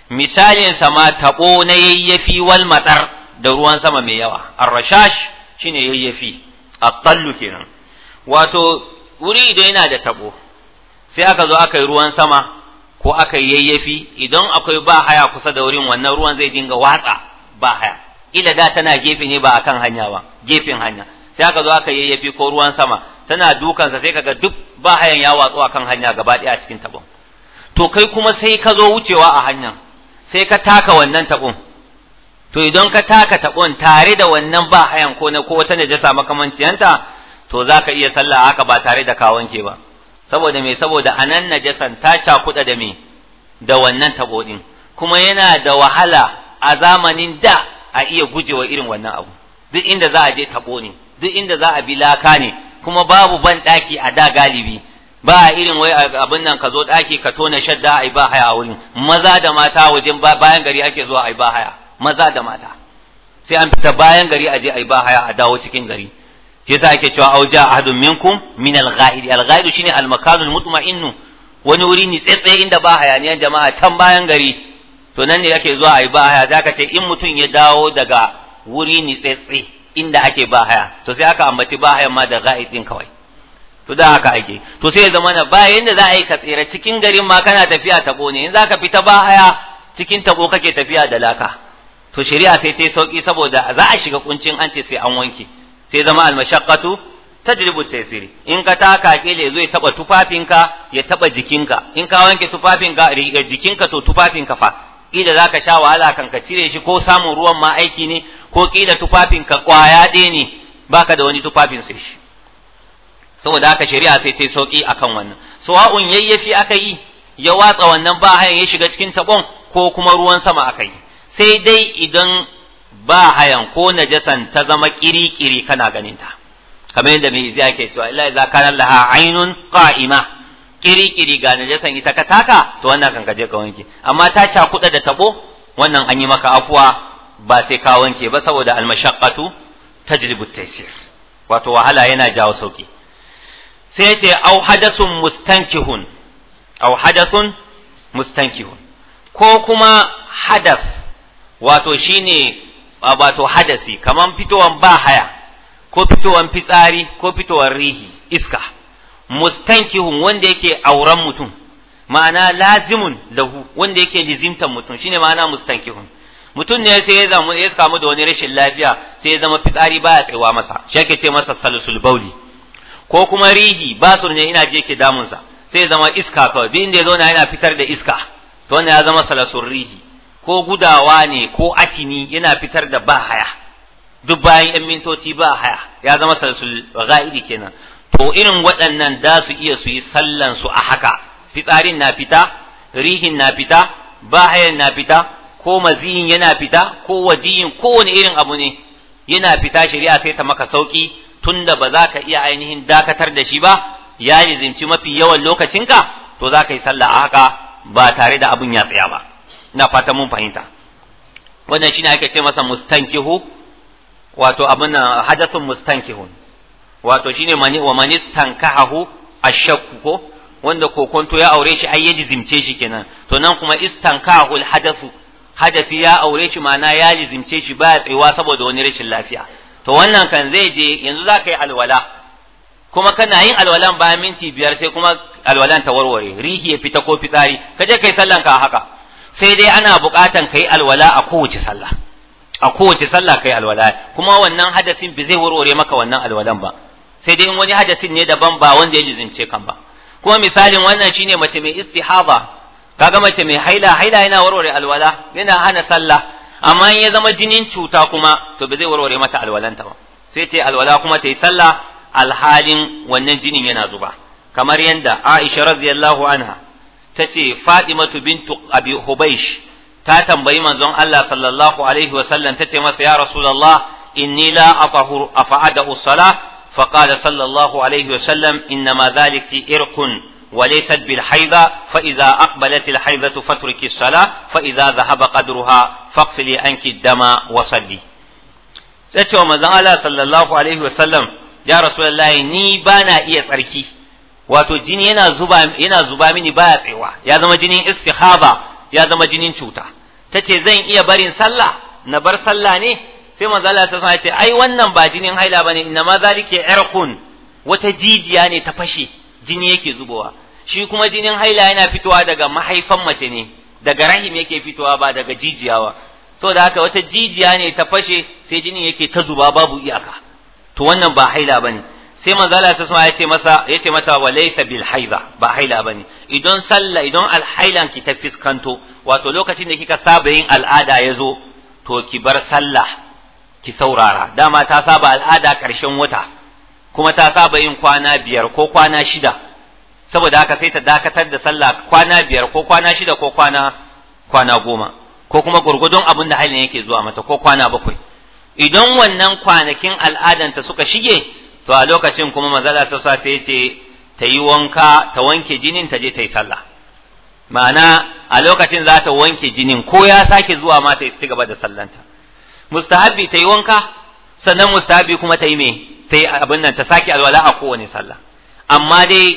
misalin sama tabo na yayyafi wal matar da ruwan sama mai yawa arrashash shine yayyafi attallu kenan wato wuri idan yana da tabo sai aka zo aka yi ruwan sama ko aka yi yayyafi idan akwai ba haya kusa da wurin wannan ruwan zai dinga watsa ba haya ila da tana gefe ne ba akan hanya ba gefen hanya sai aka zo aka yayyafi ko ruwan sama tana dukansa sai kaga duk ba hayan ya watsu akan hanya gaba daya cikin tabon to kai kuma sai ka zo wucewa a hanyar sai ka taka wannan tabon to idan ka taka taɓon tare da wannan ba hayan ko na ko wata najasa makamanciyanta to za ka iya sallah haka ba tare da wanke ba saboda me saboda anan najasan ta cakuɗa da me da wannan taɓo kuma yana da wahala a zamanin da a iya gujewa irin wannan abu duk inda za a je taɓo ne duk inda za a bi laka ne kuma babu ban ɗaki a da galibi ba a irin wai abin nan ka zo ɗaki ka tona shadda a yi ba haya a wurin maza da mata wajen bayan gari ake zuwa a yi ba haya maza da mata sai an fita bayan gari aje ai ba haya a dawo cikin gari shi yasa ake cewa auja ahadun minkum min al-ghaid al-ghaid shine al al mutma'innu wani wuri ne tsaitsaye inda ba hayaniyan jama'a can bayan gari to nan ne ake zuwa ai ba haya zaka ce in mutum ya dawo daga wuri ni tsaitsaye inda ake bahaya haya to sai aka ambaci ba ma da ghaid din kawai to da haka ake to sai ya zama na bayan da za a yi ka tsira cikin garin ma kana tafiya tabo ne in zaka fita bahaya haya cikin tabo kake tafiya da laka to shari'a sai ta yi sauƙi, saboda za a shiga kuncin an ce sai an wanke sai zama ta tajribu taysiri in ka taka kele zai taɓa tufafinka ya taɓa jikinka in ka wanke tufafinka jikinka to tufafinka fa kila ka sha wahala kan ka cire shi ko samun ruwan ma aiki ne ko kila tufafinka kwaya ɗaya ne baka da wani tufafin sai shi saboda haka shari'a sai ta yi sauki akan wannan ha'un yayyafi aka yi ya watsa wannan bahayan ya shiga cikin taɓon, ko kuma ruwan sama aka yi sai dai idan ba hayan ko najasan ta zama kiri-kiri kana ganinta kamar yadda mai ziya ke cewa illa idza kana laha ainun qa'ima kiri-kiri ga najasan ita ka taka to wannan kan kaje ka wanke amma ta cakuda da tabo wannan an yi maka afuwa ba sai ka wanke ba saboda almashaqqatu tajribu taysir wato wahala yana jawo sauki sai yace au hadathun mustankihun au hadathun mustankihun ko kuma hadath wato shine wato hadasi kaman fitowan ba haya ko fitowan fitsari ko fitowan rihi iska mustankihun wanda yake auren mutum ma'ana lazimun lahu wanda yake lizimtan mutum shine ma'ana mustankihun mutum ne sai ya zama ya samu da wani rashin lafiya sai ya zama fitsari baya tsayuwa masa shi shake ce masa salsul bauli ko kuma rihi ba su ne ina je ke damunsa sai ya zama iska kawai duk inda ya zauna yana fitar da iska to wannan ya zama salasul rihi ko gudawa ne ko atini yana fitar da ba haya duk bayan yan mintoci ba haya ya zama salsul ga'idi kenan to irin waɗannan da su iya su yi sallan su a haka fitsarin na fita rihin na fita ba hayan na fita ko mazihin yana fita ko wajiyin kowane irin abu ne yana fita shari'a sai ta maka sauki tunda ba za ka iya ainihin dakatar da shi ba ya yi zinci mafi yawan lokacinka to za ka yi sallah a haka ba tare da abun ya tsaya ba na fata mun fahimta wannan shine ake ce masa mustankihu wato abin hadathun mustankihun wato shine mani wa mani tankahu ashakku ko wanda kokonto ya aure shi ai yaji zimce shi kenan to nan kuma istankahu alhadathu hadasi ya aure shi ma'ana ya lizimce shi baya tsayuwa saboda wani rashin lafiya to wannan kan zai je yanzu za ka yi alwala kuma kana yin alwalan bayan minti biyar sai kuma alwalan ta warware rihi ya fita ko fitsari ka je kai sallan ka haka sai dai ana buƙatan kai alwala a kowace sallah a kowace sallah kai alwala kuma wannan hadasin bai zai warware maka wannan alwalan ba sai dai in wani hadasin ne daban ba wanda ya lizince kan ba kuma misalin wannan shine mace mai istihaba kaga mace mai haila haila yana warware alwala yana hana sallah amma in ya zama jinin cuta kuma to ba zai warware mata alwalanta ba sai ta yi alwala kuma ta yi sallah alhalin wannan jinin yana zuba kamar yadda Aisha radiyallahu anha tace فاطمة بنت أبي حبيش تاتم بيما زون الله صلى الله عليه وسلم tace masa يا رسول الله إني لا أطهر as الصلاة فقال صلى الله عليه وسلم إنما ذلك إرق وليست بالحيضة فإذا أقبلت الحيضة فترك الصلاة فإذا ذهب قدرها فاقصلي أنك الدم وصلي تتوى الله صلى الله عليه وسلم يا رسول الله ني بانا إيه wato jini yana zuba yana zuba mini baya tsewa ya zama jinin istihaba ya zama jinin cuta tace zan iya barin sallah na bar sallah ne sai manzo Allah ya ce ai wannan ba jinin haila bane inna ma zalike irqun wata jijiya ne ta fashe jini yake zubowa shi kuma jinin haila yana fitowa daga mahaifan mace ne daga rahim yake fitowa ba daga jijiyawa saboda haka wata jijiya ne ta fashe sai jinin yake ta zuba babu iyaka to wannan ba haila bane sai manzala ta ya ce masa ce mata walaysa bil haida ba haila bane idan salla idan al hailan ki ta fiskanto wato lokacin da kika saba yin al'ada yazo to ki bar sallah ki saurara dama ta saba al'ada karshen wata kuma ta saba yin kwana biyar ko kwana shida saboda haka sai ta dakatar da sallah kwana biyar ko kwana shida ko kwana kwana goma ko kuma gurgudun abin da halin yake zuwa mata ko kwana bakwai idan wannan kwanakin al'adanta suka shige to a lokacin kuma manzala sa sai ce ta yi wanka ta wanke jinin ta je ta yi sallah ma'ana a lokacin za ta wanke jinin ko ya sake zuwa ma ta ci gaba da sallanta mustahabi ta yi wanka sannan mustahabi kuma ta yi me ta yi abin nan ta sake alwala a kowane sallah amma dai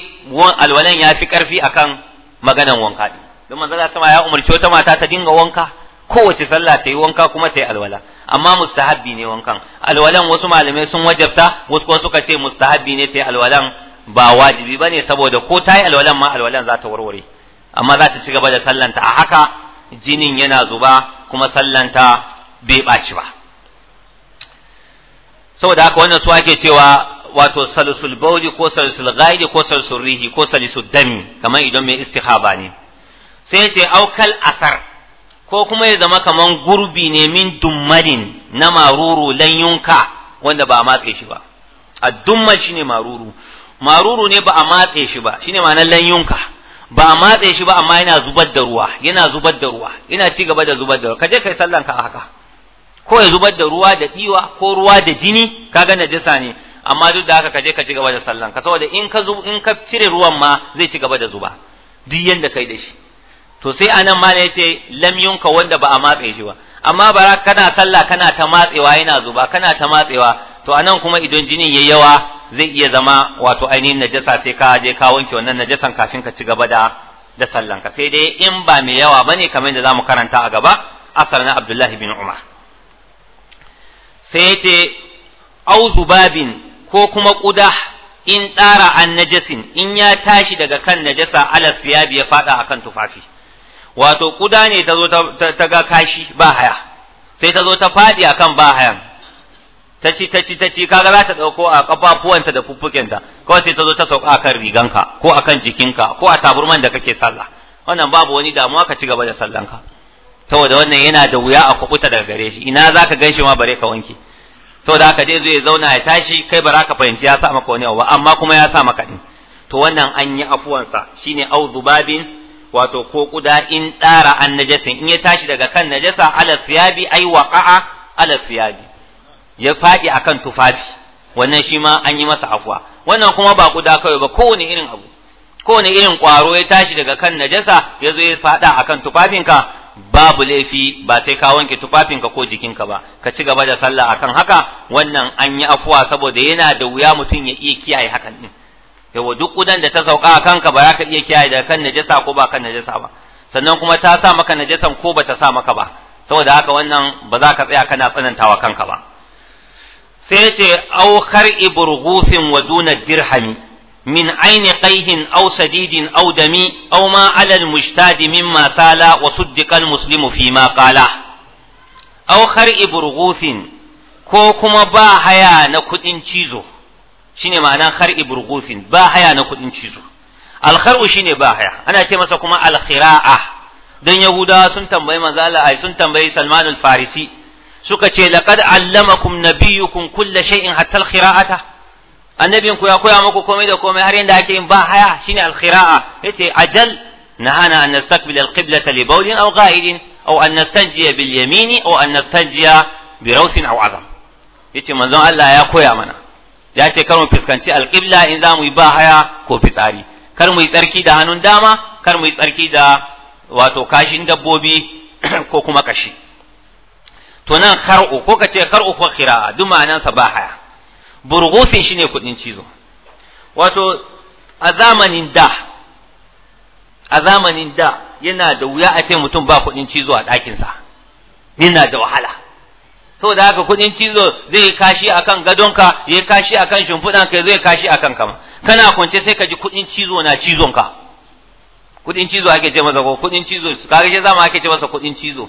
alwalan ya fi karfi akan maganan wanka din don manzala sama ya umarci wata mata ta dinga wanka kowace sallah ta yi wanka kuma ta yi alwala amma mustahabbi ne wankan alwalan wasu malamai sun wajabta wasu kuma suka ce mustahabbi ne ta yi alwalan ba wajibi ba ne saboda ko ta yi alwalan ma alwalan za ta warware amma za ta ci gaba da sallanta a haka jinin yana zuba kuma sallanta bai ɓaci ba saboda haka wannan su ake cewa wato salisul bauli ko salisul ghaidi ko salisul rihi ko salisul dami kamar idan mai istihaba ne sai ce aukal asar ko kuma ya zama kaman gurbi ne min dummarin na maruru lan yunka wanda ba a matse shi ba a shi ne maruru maruru ne ba a matse shi ba shine ma lan yunka ba a matse shi ba amma yana zubar da ruwa yana zubar da ruwa yana ci gaba da zubar da ruwa kaje kai sallan ka haka ko ya zubar da ruwa da diwa ko ruwa da jini kaga najasa ne amma duk da haka kaje ka ci gaba da sallan ka saboda in ka in ka cire ruwan ma zai ci gaba da zuba duk yanda kai da shi to sai anan ma ne ce lamyunka wanda ba a matse shi ba amma bara kana sallah kana ta matsewa yana zuba kana ta matsewa to a nan kuma idan jinin yayi yawa zai iya zama wato ainihin najasa sai ka je ka wanke wannan najasan kafin ka ci gaba da da sallanka sai dai in ba mai yawa bane kamar yadda zamu karanta a gaba asar na Abdullahi bin Umar sai yace au zubabin ko kuma quda in tsara an najasin in ya tashi daga kan najasa alas ya biya fada akan tufafi wato kuda ne ta zo ta ga kashi ba haya sai ta zo ta faɗi akan ba hayan ta ci ta ci ta ci kaga za ta ɗauko a ƙafafuwanta da fuffukinta kawai sai ta zo ta sauka akan riganka ko a kan jikinka ko a taburman da kake sallah wannan babu wani damuwa ka ci gaba da sallanka saboda wannan yana da wuya a kukuta daga gare shi ina za ka ganshi ma bare ka wanke saboda haka dai zai zauna ya tashi kai ba za ka fahimci ya sa maka wani abu amma kuma ya sa maka ɗin to wannan an yi afuwansa shine auzubabin. wato ko kuda in ɗara an najasin in ya tashi daga kan najasa ala siyabi ai waqa'a ala siyabi ya faɗi akan tufafi wannan shi ma an yi masa afwa wannan kuma ba kuda kawai ba kowane irin abu kowane irin ƙwaro ya tashi daga kan najasa ya zo ya faɗa akan tufafinka babu laifi ba sai ka wanke tufafinka ko jikinka ba ka ci gaba da sallah akan haka wannan an yi afuwa saboda yana da wuya mutum ya iya kiyaye hakan din yawa duk kudan da ta sauka a kanka ba za ka iya kiyaye da kan najasa ko ba kan najasa ba sannan kuma ta sa maka najasan ko ba ta sa maka ba saboda haka wannan ba za ka tsaya kana tsanantawa kanka ba sai ce au khar'i wa duna dirhami min aini qayhin au sadidin aw dami aw ma ala al mimma sala wa suddiqa al-muslimu fi ma qala ko kuma ba haya na kudin cizo shine ma'anan har'i burghufin ba haya na kudin cizo alkhar'u shine ba haya ana ce masa kuma alkhira'a dan yahudawa sun tambayi maza Allah ai sun tambayi Salman al-Farisi suka ce laqad allamakum nabiyyukum kulla shay'in hatta alkhira'ata annabin ku ya koya muku komai da komai har yanda ake yin ba haya shine alkhira'a yace ajal nahana an nastaqbil alqiblata li bawlin aw ghaidin aw an nastanjiya bil yamini aw an nastanjiya bi rawsin aw azam yace manzon Allah ya koya mana ya ce kar mu fuskanci alƙibla in za mu yi ba haya ko fitsari kar mu yi tsarki da hannun dama kar mu yi tsarki da wato kashin dabbobi (clears throat) ko kuma kashi to nan khar'u ko kace khar'u ko khira'a duk sa ba haya burghusi shine kudin cizo wato a zamanin da a zamanin da yana da wuya a ce mutum ba kudin cizo a ɗakinsa yana da wahala So da haka kudin cizo zai yi kashi akan gadonka ya kashi akan shimfiɗan ka zai kashi akan kama kana kwance sai ka ji kudin cizo na cizonka kudin cizo ake ce masa ko kudin cizo su kaga shi zama ake ce masa kudin cizo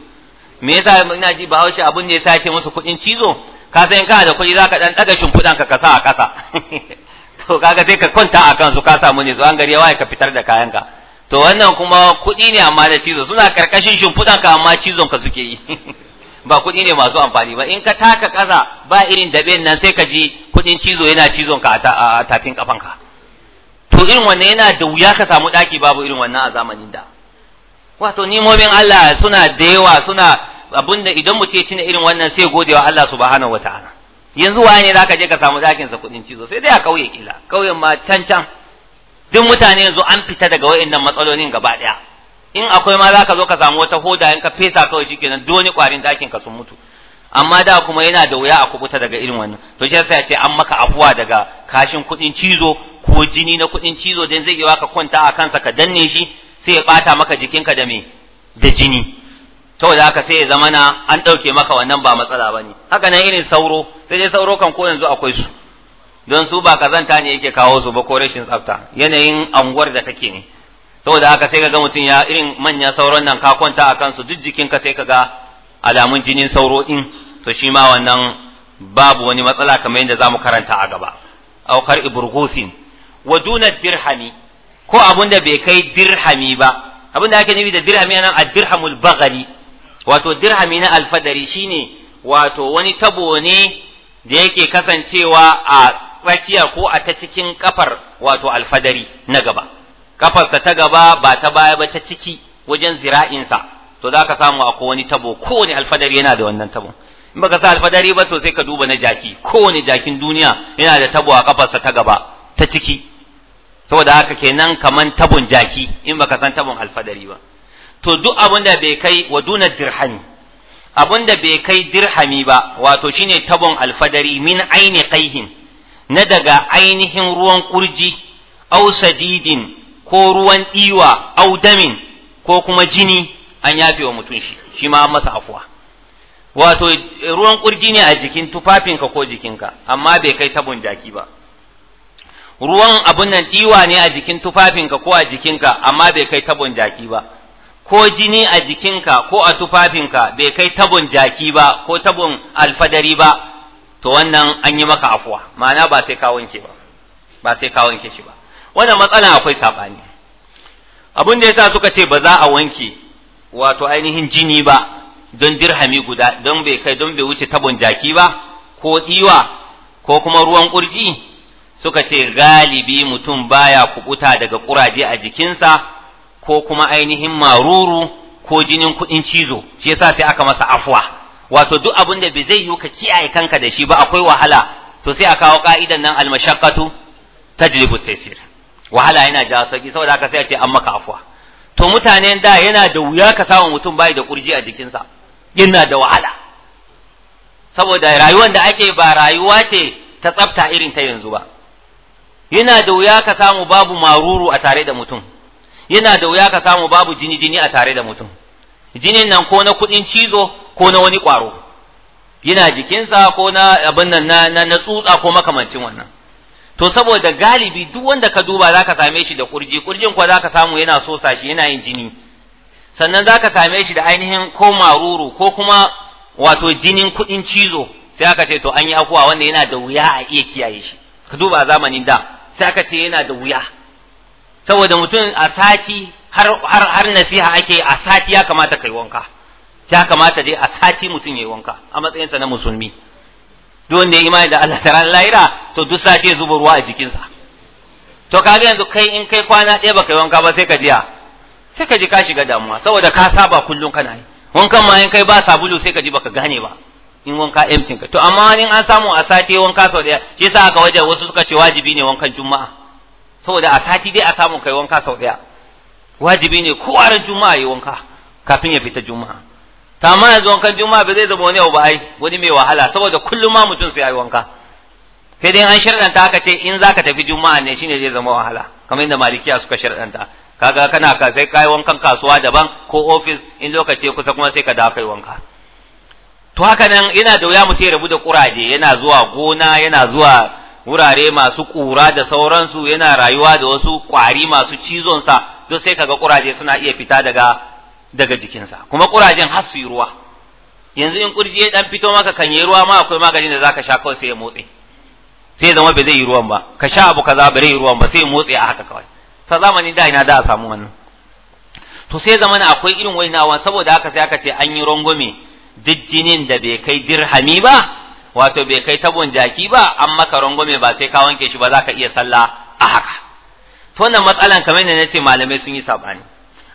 me yasa ina ji Bahaushe abin da yasa ake masa kudin cizo ka san kana da kuɗi zaka dan daga shimfiɗan ka ka sa a ƙasa (laughs) to kaga sai ka kwanta akan su ka samu ne su an gari yawa ka fitar da kayan ka to wannan kuma kuɗi ne amma da cizo suna karkashin shimfiɗan ka amma cizon ka suke yi (laughs) ba kuɗi ne masu amfani ba in ka taka ƙasa ba irin daɓen nan sai ka ji kuɗin cizo yana cizon ka a tafin ƙafanka. to irin wannan yana da wuya ka samu ɗaki babu irin wannan a zamanin da wato nimomin Allah suna da yawa suna abinda idan mutum ya tuna irin wannan sai godewa Allah subhanahu wataala yanzu waye ne zaka je ka samu ɗakin sa kuɗin cizo sai dai a kauye kila kauyen ma can can duk mutane yanzu an fita daga waɗannan matsalolin gaba ɗaya in akwai ma za ka zo ka samu wata hoda in ka fesa kawai duk wani kwarin dakin ka sun mutu amma da kuma yana da wuya a kubuta daga irin wannan to shi yasa ce an maka afuwa daga kashin kudin cizo ko jini na kudin cizo dan zai yiwa ka kwanta a kansa ka danne shi sai ya bata maka jikinka da me da jini to da haka sai ya zama na an dauke maka wannan ba matsala bane haka nan irin sauro sai dai sauro kan ko yanzu akwai su don su ba kazanta ne yake kawo su ba ko rashin tsafta yanayin anguwar da kake ne saboda haka sai kaga mutum ya irin manyan sauran nan ka kwanta a kansu duk jikinka sai ga alamun jinin sauro in to shi ma wannan babu wani matsala kamar yadda zamu karanta a gaba aukar iburgusin wa duna dirhami ko abun da bai kai dirhami ba abun da ake nufi da dirhami nan ad-dirhamul baghali wato dirhami na alfadari shine wato wani tabo ne da yake kasancewa a tsakiya ko a ta cikin kafar wato alfadari na gaba kafarsa ta gaba ba ta baya ba ta ciki wajen zira'insa to za ka samu a wani tabo kowane alfadari yana da wannan tabo in baka sa alfadari ba to sai ka duba na jaki kowane jakin duniya yana da tabo a kafarsa ta gaba ta ciki saboda haka kenan kaman tabon jaki in baka san tabon alfadari ba to duk abin da bai kai wa dunar dirhami abin da bai kai dirhami ba wato shine tabon alfadari min aini qaihin na daga ainihin ruwan kurji au sadidin ko ruwan ɗiwa audamin ko kuma jini an yafe wa mutum shi shi ma masa afuwa wato ruwan ƙurji ne a jikin tufafinka ko jikinka amma bai kai tabon jaki ba ruwan abun nan ɗiwa ne a jikin tufafinka ko a jikinka amma bai kai tabon jaki ba ko jini a jikinka ko a tufafinka bai kai tabon jaki ba ko tabon alfadari ba to wannan an yi maka afuwa ma'ana ba sai ka wanke ba ba sai ka wanke shi ba wannan matsala akwai saɓani abin da yasa suka ce ba za a wanke wato ainihin jini ba don dirhami guda don bai kai don bai wuce tabon jaki ba ko tsiwa ko kuma ruwan ƙurji suka ce galibi mutum baya kuɓuta daga ƙuraje a jikinsa ko kuma ainihin maruru ko jinin kuɗin cizo shi yasa sai aka masa afwa wato duk abin da bai zai yi ka kiyaye kanka da shi ba akwai wahala to sai a kawo ka'idan nan almashaqqatu tajlibu taysir wahala yana ja sauki saboda haka sai a ce an maka afuwa to mutane da yana da wuya ka samu mutum bai da kurji a jikinsa yana da wahala saboda rayuwar da ake ba rayuwa ce ta tsafta irin ta yanzu ba yana da wuya ka samu babu maruru a tare da mutum yana da wuya ka samu babu jini jini a tare da mutum jinin nan ko na kuɗin cizo ko na wani kwaro yana jikinsa ko na abin nan na tsutsa ko makamancin wannan to saboda galibi duk wanda ka duba zaka same shi da kurji kurjin kuwa zaka samu yana sosa shi yana yin jini sannan zaka same shi da ainihin ko maruru ko kuma wato jinin kuɗin cizo sai aka ce to an yi akuwa wanda yana da wuya a iya kiyaye shi ka duba zamanin da sai aka ce yana da wuya saboda mutum a sati har har har nasiha ake a sati ya kamata kai wanka ya kamata dai a sati mutum ya yi wanka a matsayinsa na musulmi duk wanda ya imani da Allah taran lahira to duk sati zuba ruwa a jikinsa to kaga yanzu kai in kai kwana ɗaya baka yi wanka ba sai ka jiya sai ka ji ka shiga damuwa saboda ka saba kullum kana yi wankan ma in kai ba sabulu sai ka ji baka gane ba in wanka emtin ka to amma in an samu a sati wanka sau ɗaya, shi sa aka wajen wasu suka ce wajibi ne wankan juma'a saboda a sati dai a samu kai wanka sau ɗaya, wajibi ne kowa ran juma'a yi wanka kafin ya fita juma'a ta ma yanzu wankan juma'a ba zai zama wani abu ba ai wani mai wahala saboda kullum ma mutum sai ayi wanka sai dai an shirɗanta aka ce in zaka tafi juma'a ne shine zai zama wahala kamar yadda malikiya suka sharɗanta kaga kana ka sai kai wankan kasuwa daban ko ofis in lokaci kusa kuma sai ka dawo kai wanka to haka nan yana da wuya mutum ya rabu da kuraje yana zuwa gona yana zuwa wurare masu kura da sauransu yana rayuwa da wasu kwari masu cizon sa to sai kaga kuraje suna iya fita daga daga jikinsa kuma kurajen har su yi ruwa yanzu in kurji ya dan fito maka kan yi ruwa ma akwai maganin da zaka sha kawai sai ya motsi sai zama bai zai yi ruwan ba ka sha abu kaza bai yi ruwan ba sai ya motsi a haka kawai ta zamanin da ina da a samu wannan to sai zama akwai irin wainawa saboda haka sai aka ce an yi rangwame duk jinin da bai kai dirhami ba wato bai kai tabon jaki ba an maka rangwame ba sai ka wanke shi ba za ka iya sallah a haka to wannan matsalan kamar yadda na ce malamai sun yi saɓani.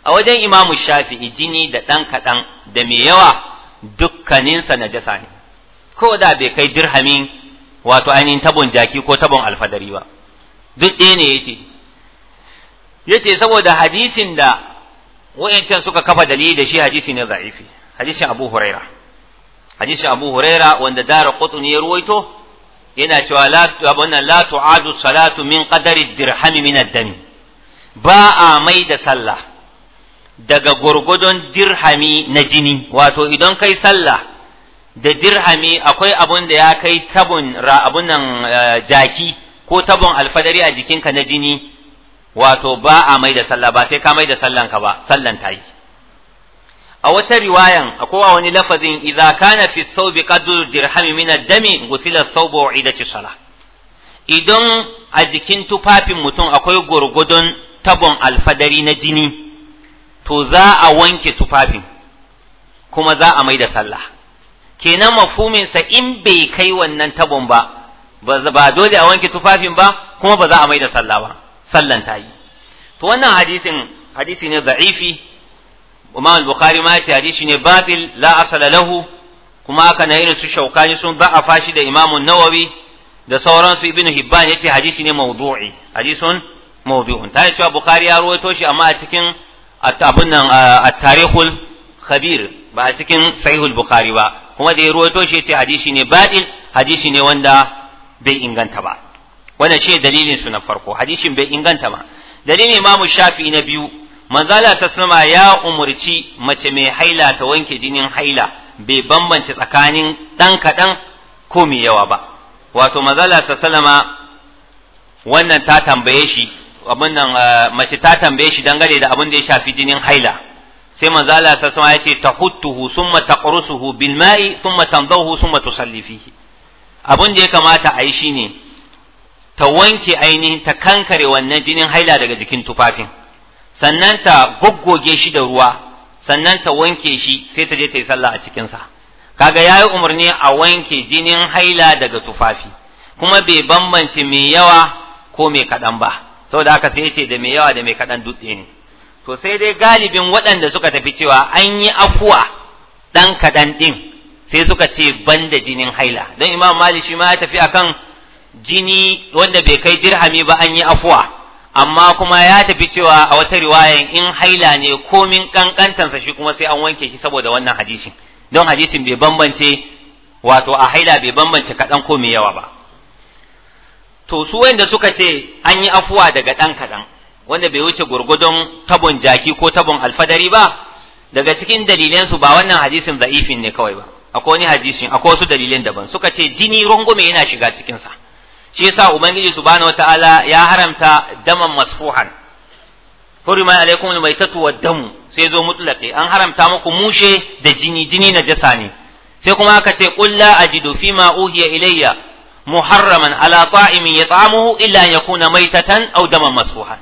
a wajen imamu shafi'i jini da ɗan kaɗan da mai yawa dukkaninsa na jasa ne ko da bai kai dirhamin wato ainihin tabon jaki ko tabon alfadari ba duk ɗaya ne yace yace saboda hadisin da wayancan suka kafa dalili da shi hadisi ne za'ifi hadisin abu huraira hadisin abu huraira wanda dara qutni ya ruwaito yana cewa la Latu, la tu'adu salatu min qadari dirhami min ad ba a mai da sallah daga gurgudun dirhami na jini wato idan kai sallah da dirhami akwai abun da ya kai tabun abun nan eh, jaki ko tabun alfadari a jikinka na jini wato ba a mai da sallah ba sai ka mai da sallanka ba sallan ta yi a wata riwayan akwai wani lafazin idza kana fi thawbi dirhami min ad-dami gusila thawbu idati salah idan a jikin tufafin mutum akwai gurgudun tabon alfadari na jini to za a wanke tufafin kuma za a mai da sallah kenan sa in bai kai wannan tabon ba ba dole a wanke tufafin ba kuma ba za a mai da sallah ba sallan ta yi to wannan hadisin hadisi ne za'ifi Imam al-Bukhari ma yace hadisi ne batil la asala lahu kuma aka na irin su shaukani sun ba a fashi da Imam an-Nawawi da sauransu Ibn Hibban yace hadisi ne mawdu'i hadisun mawdu'un ta cewa Bukhari ya rawaito shi amma a cikin abun nan a tarihul khabir ba a cikin sahihul bukhari ba kuma da ya ruwaito shi ce hadisi ne batil hadisi ne wanda bai inganta ba wannan shi dalilin su na farko hadisin bai inganta ba dalilin imamu shafi na biyu manzala ta sunama ya umurci mace mai haila ta wanke jinin haila bai bambance tsakanin dan kaɗan ko mai yawa ba wato manzala ta sunama wannan ta tambaye shi abin nan eh, mace ta tambaye shi dangane da abin da ya shafi jinin haila sai manzo Allah sai sama wasallam ya ce tahuttuhu summa taqrusuhu bil ma'i summa tandahu summa tusalli fihi abin da ya kamata a yi shine ta wanke ainihin ta kankare wannan jinin haila daga jikin tufafin sannan ta goggoge shi da ruwa sannan ta wanke shi sai ta je ta yi sallah a cikin sa kaga yayi umarni a wanke jinin haila daga tufafi kuma bai bambance mai yawa ko mai kaɗan ba saboda haka sai yace da mai yawa da mai kaɗan dutse ne to sai dai galibin waɗanda suka tafi cewa an yi afuwa ɗan kaɗan ɗin sai suka ce ban da jinin haila don imam malik shi ma ya tafi akan jini wanda bai kai dirhami ba an yi afuwa amma kuma ya tafi cewa a wata riwaya in haila ne komin kankantansa shi kuma sai an wanke shi saboda wannan hadisin don hadisin bai bambance wato a haila bai bambance kaɗan ko mai yawa ba to su wanda suka ce an yi afuwa daga ɗan kaɗan wanda bai wuce gurgudun tabon jaki ko tabon alfadari ba daga cikin dalilansu ba wannan hadisin za'ifin ne kawai ba akwai wani hadisin akwai wasu dalilan daban suka ce jini rungume yana shiga cikin sa shi yasa ubangiji subhanahu wataala ya haramta daman masfuhan hurima alaikum almaytatu wad-damu sai zo mutlaqi an haramta muku mushe da jini jini na najasa ne sai kuma aka ce qul la ajidu fima uhiya ilayya muharraman على طائم يطعمه illa ya يكون maitatan aw daman masfuhan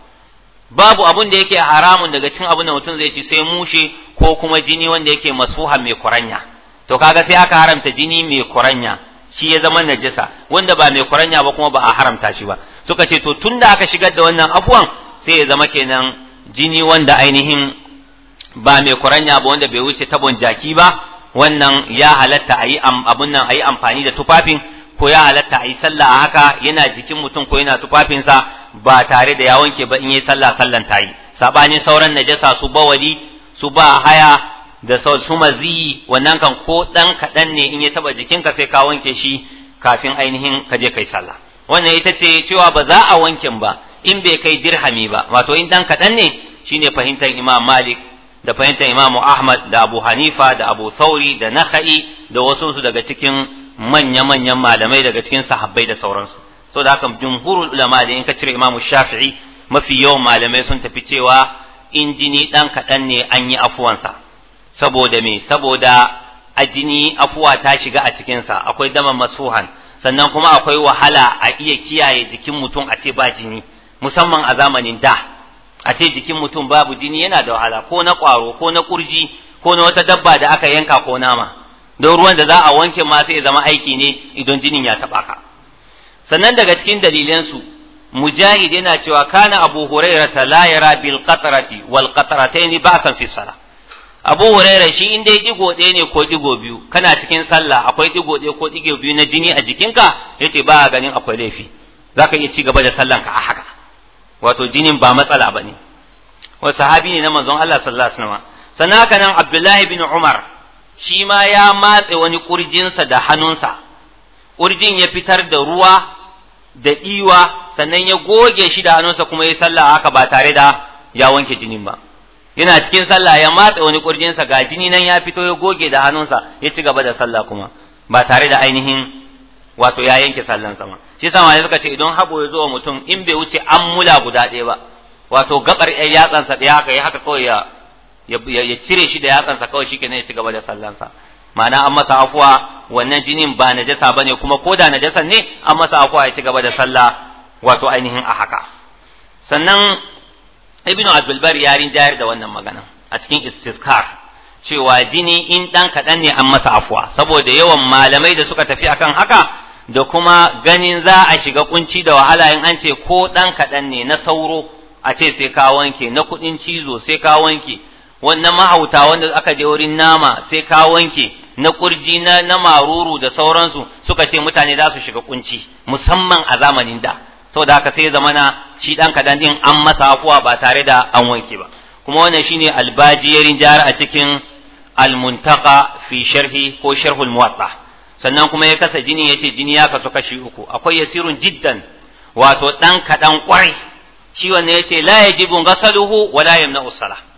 babu abun da yake haramun daga cikin abun da mutum zai ci sai mushe ko kuma jini wanda yake masfuha mai kuranya to kaga sai aka haramta jini mai kuranya shi ya zama najasa wanda ba mai kuranya ba kuma ba a haramta shi ba suka ce to tunda aka shigar da wannan abuwan sai ya zama kenan jini wanda ainihin ba mai kuranya ba wanda bai wuce tabon jaki ba wannan ya halatta a yi abun nan a yi amfani da tufafin ko ya halatta a yi sallah a haka yana jikin mutum ko yana tufafinsa ba tare da ya wanke ba in yi sallah sallan ta yi sabanin sauran najasa su bawali su ba haya da su maziyi wannan kan ko dan kaɗan ne in ya taba ka sai ka wanke shi kafin ainihin ka je kai sallah wannan ita ce cewa ba za a wankin ba in bai kai dirhami ba wato in dan kaɗan ne shine fahimtar imam malik da fahimtar imamu ahmad da abu hanifa da abu sauri da naka'i da wasu daga cikin manya-manyan malamai daga cikin sahabbai da sauransu so da haka jumhurul ulama da in ka cire imamu shafi'i mafi yawan malamai sun tafi cewa in jini ɗan kaɗan ne an yi afuwansa saboda me saboda a jini afuwa ta shiga a cikinsa akwai daman masuhan sannan kuma akwai wahala a iya kiyaye jikin mutum a ce ba jini musamman a zamanin da a ce jikin mutum babu jini yana da wahala ko na kwaro ko na kurji ko na wata dabba da aka yanka ko nama don ruwan da za a wanke ma sai ya zama aiki ne idan jinin ya taɓa ka sannan daga cikin dalilansu mujahid yana cewa kana abu ta la yara bil qatrati wal qatrataini ba'san fi sala abu huraira shi in dai digo ɗaya ne ko digo biyu kana cikin sallah akwai digo ɗaya ko digo biyu na jini a jikinka yace ba a ganin akwai laifi zaka iya ci gaba da sallanka a haka wato jinin ba matsala bane wa sahabi ne na manzon Allah sallallahu alaihi wasallam sanaka nan Abdullahi bin Umar shi ma ya matse wani ƙurjinsa da hannunsa, ƙurjin ya fitar da ruwa da iwa sannan ya goge shi da hannunsa kuma ya sallah haka ba tare da ya wanke jinin ba. Yana cikin sallah ya matse wani ƙurjinsa ga jini nan ya fito ya goge da hannunsa ya ci gaba da sallah kuma ba tare da ainihin wato ya yanke sallan sama. Shi sama ne suka ce idan haɓo ya zo wa mutum in bai wuce an mula guda ɗaya ba, wato gaɓar ‘yan yatsansa ɗaya haka ya haka kawai ya ya cire shi da yatsansa kawai shi kenan ya ci gaba da sallansa ma'ana an masa afuwa wannan jinin ba najasa bane kuma ko da najasan ne an masa afuwa ya ci gaba da sallah wato ainihin a haka sannan ibn abdul bar ya rinjayar da wannan magana a cikin istiskar cewa jini in dan kaɗan ne an masa afuwa saboda yawan malamai da suka tafi akan haka da kuma ganin za a shiga kunci da wahala in an ce ko dan kaɗan ne na sauro a ce sai ka wanke na kuɗin cizo sai ka wanke wannan mahauta wanda aka je wurin nama sai ka wanke na kurji na na maruru da sauransu suka ce mutane za su shiga kunci musamman a zamanin da saboda haka sai zamana shi dan kadan din an masa afuwa ba tare da an wanke ba kuma wannan shine albajiyarin jar a cikin almuntaka fi sharhi ko sharhul muwatta sannan kuma ya kasa jini yace jini ya kasu kashi uku akwai yasirun jiddan wato dan kadan kwari shi wannan yace la yajibu ghasaluhu wala yamna'u usala.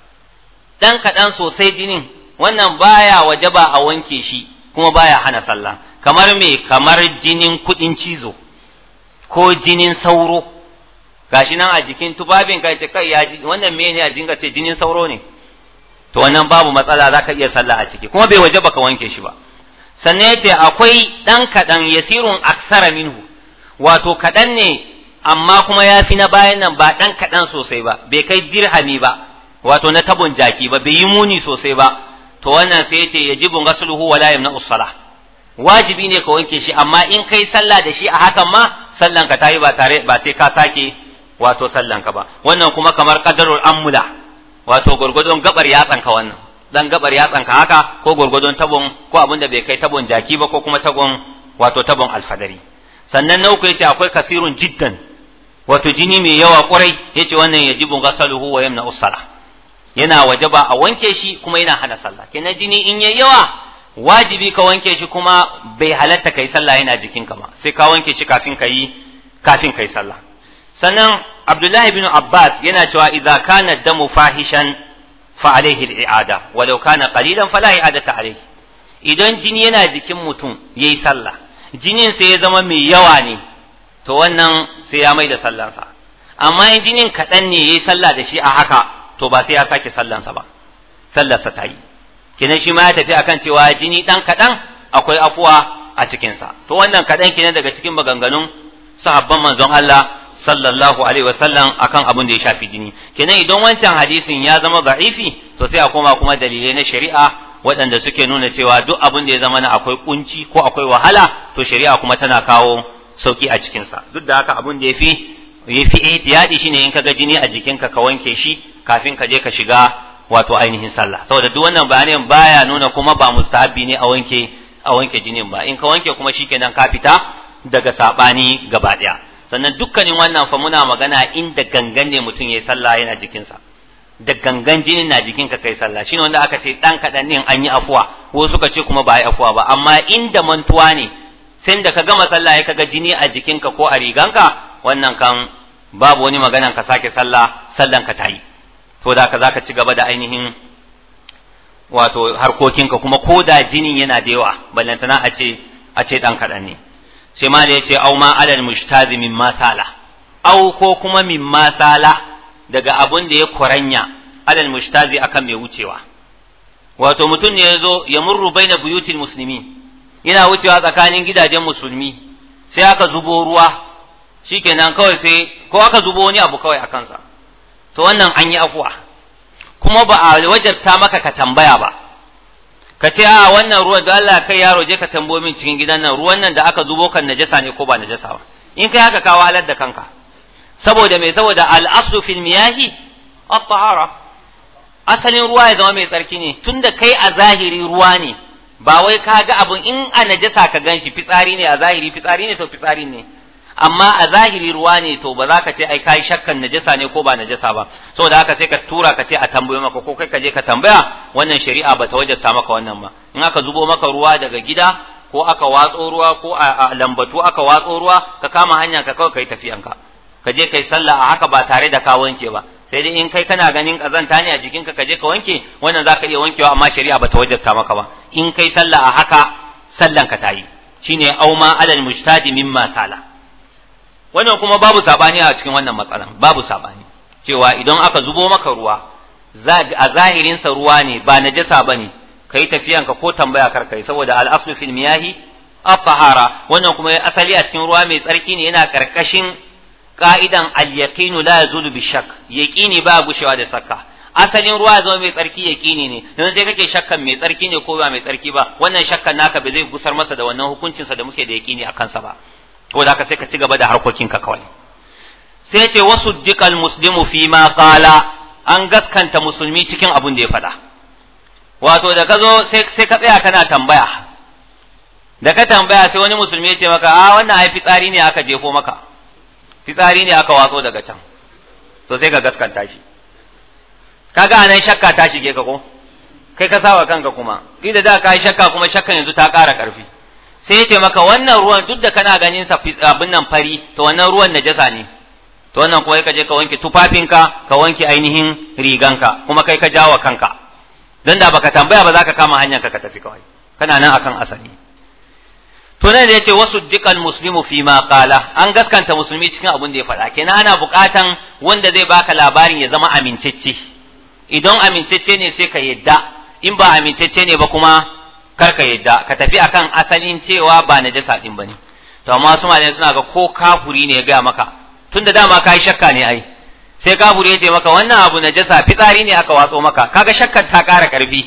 dan kaɗan sosai jinin wannan baya wajaba a wanke shi kuma baya hana sallah kamar me kamar jinin kuɗin cizo ko jinin sauro gashi nan a jikin tubabin ka ce kai ya wannan me ne a jinga ce jinin sauro ne to wannan babu matsala za ka iya sallah a ciki kuma bai wajaba ka wanke shi ba sannan yace akwai dan kaɗan yasirun aksara minhu wato kaɗan ne amma kuma ya fi na bayan nan ba ɗan kaɗan sosai ba bai kai dirhami ba wato na tabon jaki ba bai yi muni sosai ba to wannan sai yace ya yajibu ghasluhu wala yamna'u salah wajibi ne ka wanke shi amma in kai sallah da shi a hakan ma sallan ka tayi ba tare ba sai ka sake wato sallan ka ba wannan kuma kamar qadarul amula wato gurgudun gabar yatsan ka wannan dan gabar yatsan ka haka ko gurgudun tabon ko abin da bai kai tabon jaki ba ko kuma tabon wato tabon alfadari sannan na uku yace akwai kasirun jiddan wato jini mai yawa kurai yace wannan yajibu ghasaluhu wa yamna'u salah yana wajaba a wanke shi kuma yana hana sallah kenan jini in yayi yawa wajibi ka wanke shi kuma bai halatta kai sallah yana jikinka ba sai ka wanke shi kafin yi kafin kai sallah sannan Abdullahi bin Abbas yana cewa idza kana damu fahishan fa alaihi al-i'ada walau kana qalilan fala i'adata alaihi idan jini yana jikin mutum yayi sallah jinin sai ya zama mai yawa ne to wannan sai ya mai da sallarsa amma jinin kaɗan ne yayi sallah da shi a haka to ba sai ya sake sallansa ba sallarsa ta yi kinan shi ma ya tafi akan cewa jini dan kaɗan akwai afuwa a cikinsa to wannan kaɗan kinan daga cikin maganganun sahabban manzon Allah sallallahu alaihi wasallam akan abin da ya shafi jini kenan idan wancan hadisin ya zama da'ifi to sai a koma kuma dalilai na shari'a waɗanda suke nuna cewa duk abun da ya zama na akwai kunci ko akwai wahala to shari'a kuma tana kawo sauki a cikinsa duk da haka abun da ya fi Yafi fi ihtiyadi shine in kaga jini a jikinka ka wanke shi kafin ka je ka shiga wato ainihin sallah saboda duk wannan bayanin baya nuna kuma ba mustahabi ne a wanke a wanke jinin ba in ka wanke kuma shikenan ka fita daga sabani gaba daya sannan dukkanin wannan fa muna magana inda gangan ne mutum yayi sallah yana jikinsa da gangan jinin na jikinka kai sallah shine wanda aka ce dan kadan ne an yi afuwa ko suka ce kuma ba yi afuwa ba amma inda mantuwa ne sai da ka gama sallah ya kaga jini a jikinka ko a riganka wannan kan babu wani maganan ka sake sallah sallan ka tayi to da ka zaka ci gaba da ainihin wato harkokinka kuma ko da jinin yana da yawa ballantana a ce a ce dan kadan ne sai ma da yace au ma alal mushtazi min masala au ko kuma min masala daga abun da ya koranya alal mushtazi akan mai wucewa wato mutum ne yazo ya murru baina buyutil muslimin yana wucewa tsakanin gidajen musulmi sai aka zubo ruwa shikenan kawai sai ko aka zubo wani abu kawai a kansa to wannan an yi afuwa kuma ba a wajarta maka ka tambaya ba ka ce a wannan ruwan da Allah kai yaro je ka tambo min cikin gidan nan ruwan nan da aka zubo kan najasa ne ko ba najasa ba in kai haka kawo halar da kanka saboda mai saboda al'asu fil miyahi at-tahara asalin ruwa ya zama mai tsarki ne tunda kai a zahiri ruwa ne ba wai ka ga abun in a najasa ka ganshi fitsari ne a zahiri fitsari ne to fitsari ne amma a zahiri ruwa ne to ba za ka ce ai kai shakkan najasa ne ko ba najasa ba saboda haka sai ka tura ka ce a tambaye maka ko kai ka je ka tambaya wannan shari'a ba ta wajabta maka wannan ba in aka zubo maka ruwa daga gida ko aka watso ruwa ko a lambatu aka watso ruwa ka kama hanya ka kawai kai tafiyanka ka je kai sallah a haka ba tare da ka wanke ba sai dai in kai kana ganin kazanta ne a jikinka ka je ka wanke wannan za ka iya wankewa amma shari'a ba ta wajabta maka ba in kai sallah a haka sallan ka tayi shine auma alal mujtadi mimma sala wannan kuma babu sabani a cikin wannan matsalan babu sabani cewa idan aka zubo maka ruwa a zahirin sa ruwa ne ba najasa bane kai tafiyan ka ko tambaya kar kai saboda al aslu fil miyahi at-tahara wannan kuma asali a cikin ruwa mai tsarki ne yana karkashin ka'idan al yaqinu la yazulu bi shakk yaqini ba gushewa da sakka asalin ruwa zama mai tsarki yaqini ne don sai kake shakkan mai tsarki ne ko ba mai tsarki ba wannan shakkan naka ba zai gusar masa da wannan hukuncin sa da muke da yaqini akan sa ba ko da ka sai ka ci gaba da harkokinka kawai sai ce wasu dikal muslimu fi ma qala an gaskanta musulmi cikin abun da ya faɗa wato da ka zo sai ka tsaya kana tambaya da ka tambaya sai wani musulmi ya ce maka a ah, wannan ai fitsari ne aka jefo maka fitsari ne aka watso daga can to sai ka gaskanta shi kaga anan shakka ta shige ka ko kai ka sawa kanka kuma kida da ka yi shakka kuma shakkan yanzu ta ƙara ƙarfi sai ya ce maka wannan ruwan duk da kana ganin sa abin nan fari to wannan ruwan najasa ne to wannan kuma ka je ka wanke tufafinka ka wanke ainihin riganka kuma kai ka jawa kanka dan da baka tambaya ba za ka kama hanyar ka ka tafi kawai kana nan akan asali to nan da yace wasu dikan muslimu fi ma qala an gaskanta musulmi cikin abun da ya faɗa kenan ana buƙatan wanda zai baka labarin ya zama amincacce idan amincacce ne sai ka yadda in ba amincacce ne ba kuma kar ka yadda ka tafi akan asalin cewa ba na jasa din bane to amma su malai suna ga ko kafuri ne ya gaya maka tunda dama kai shakka ne ai sai kafuri ya ce maka wannan abu na jasa fitsari ne aka watso maka kaga shakkar ta ƙara karfi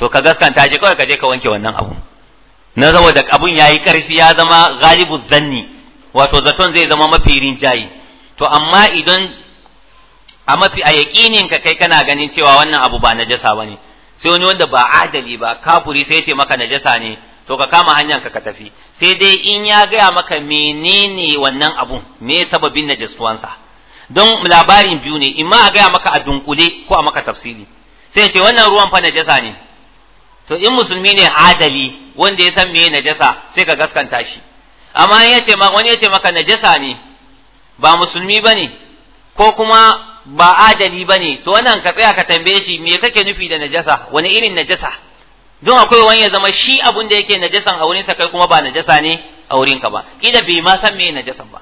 to ka gaskanta je kawai ka je ka wanke wannan abu na saboda abun yayi karfi ya zama galibu zanni wato zaton zai zama mafi rinjayi to amma idan a mafi a yaƙinin ka kai kana ganin cewa wannan abu ba na najasa bane sai wani wanda ba adali ba kafuri sai ce maka najasa ne to ka kama hanyar ka tafi sai dai in ya gaya maka menene wannan abun me sababin najasuwansa don labarin biyu ne in ma a gaya maka a dunkule ko a maka tafsiri sai ce wannan ruwan fa najasa ne to in musulmi ne adali wanda ya san meye najasa sai ka gaskanta shi amma in ce maka wani yace maka najasa ne ba musulmi bane ko kuma ba adali ba ne to wannan ka tsaya ka tambaye shi me kake nufi da najasa wani irin najasa don akwai wani ya zama shi abun da yake najasan a wurinsa kai kuma ba najasa ne a wurinka ba kila bai ma san me najasan ba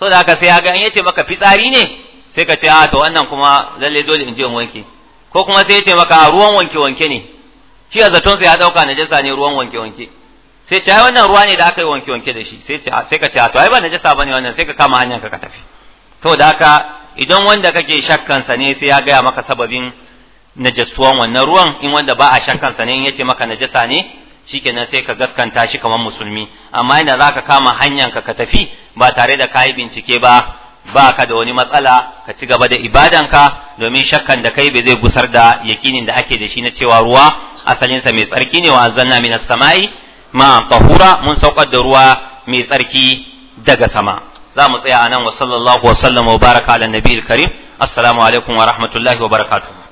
so da haka sai ga an yace maka fitsari ne sai ka ce a ah, to wannan kuma lalle dole in je in wanke ko kuma sai yace maka ah, ruwan wanke wanke ne shi a zaton sai ya dauka najasa ne ruwan wanke wanke sai ce ai wannan ruwa ne da aka yi wanke wanke da shi sai ce ah, sai ka ce a to ai ba najasa bane wannan sai ka kama hanyar ka ka tafi to da haka idan wanda kake shakkansa ne sai ya gaya maka sababin najasuwan wannan ruwan in wanda ba a sa ne in yace maka najasa ne shikenan sai ka gaskanta shi kamar musulmi amma za ka kama hanyar ka ka tafi ba tare da kai bincike ba ba ka da wani matsala ka ci gaba da ka domin shakkan da kai bai zai gusar da yakinin da ake da shi na cewa ruwa asalinsa mai tsarki ne wa azanna minas samai ma tahura mun saukar da ruwa mai tsarki daga sama za mu tsaya a nan wa sallallahu wa sallama wa baraka ala nabiyil karim assalamu alaikum wa rahmatullahi wa barakatuh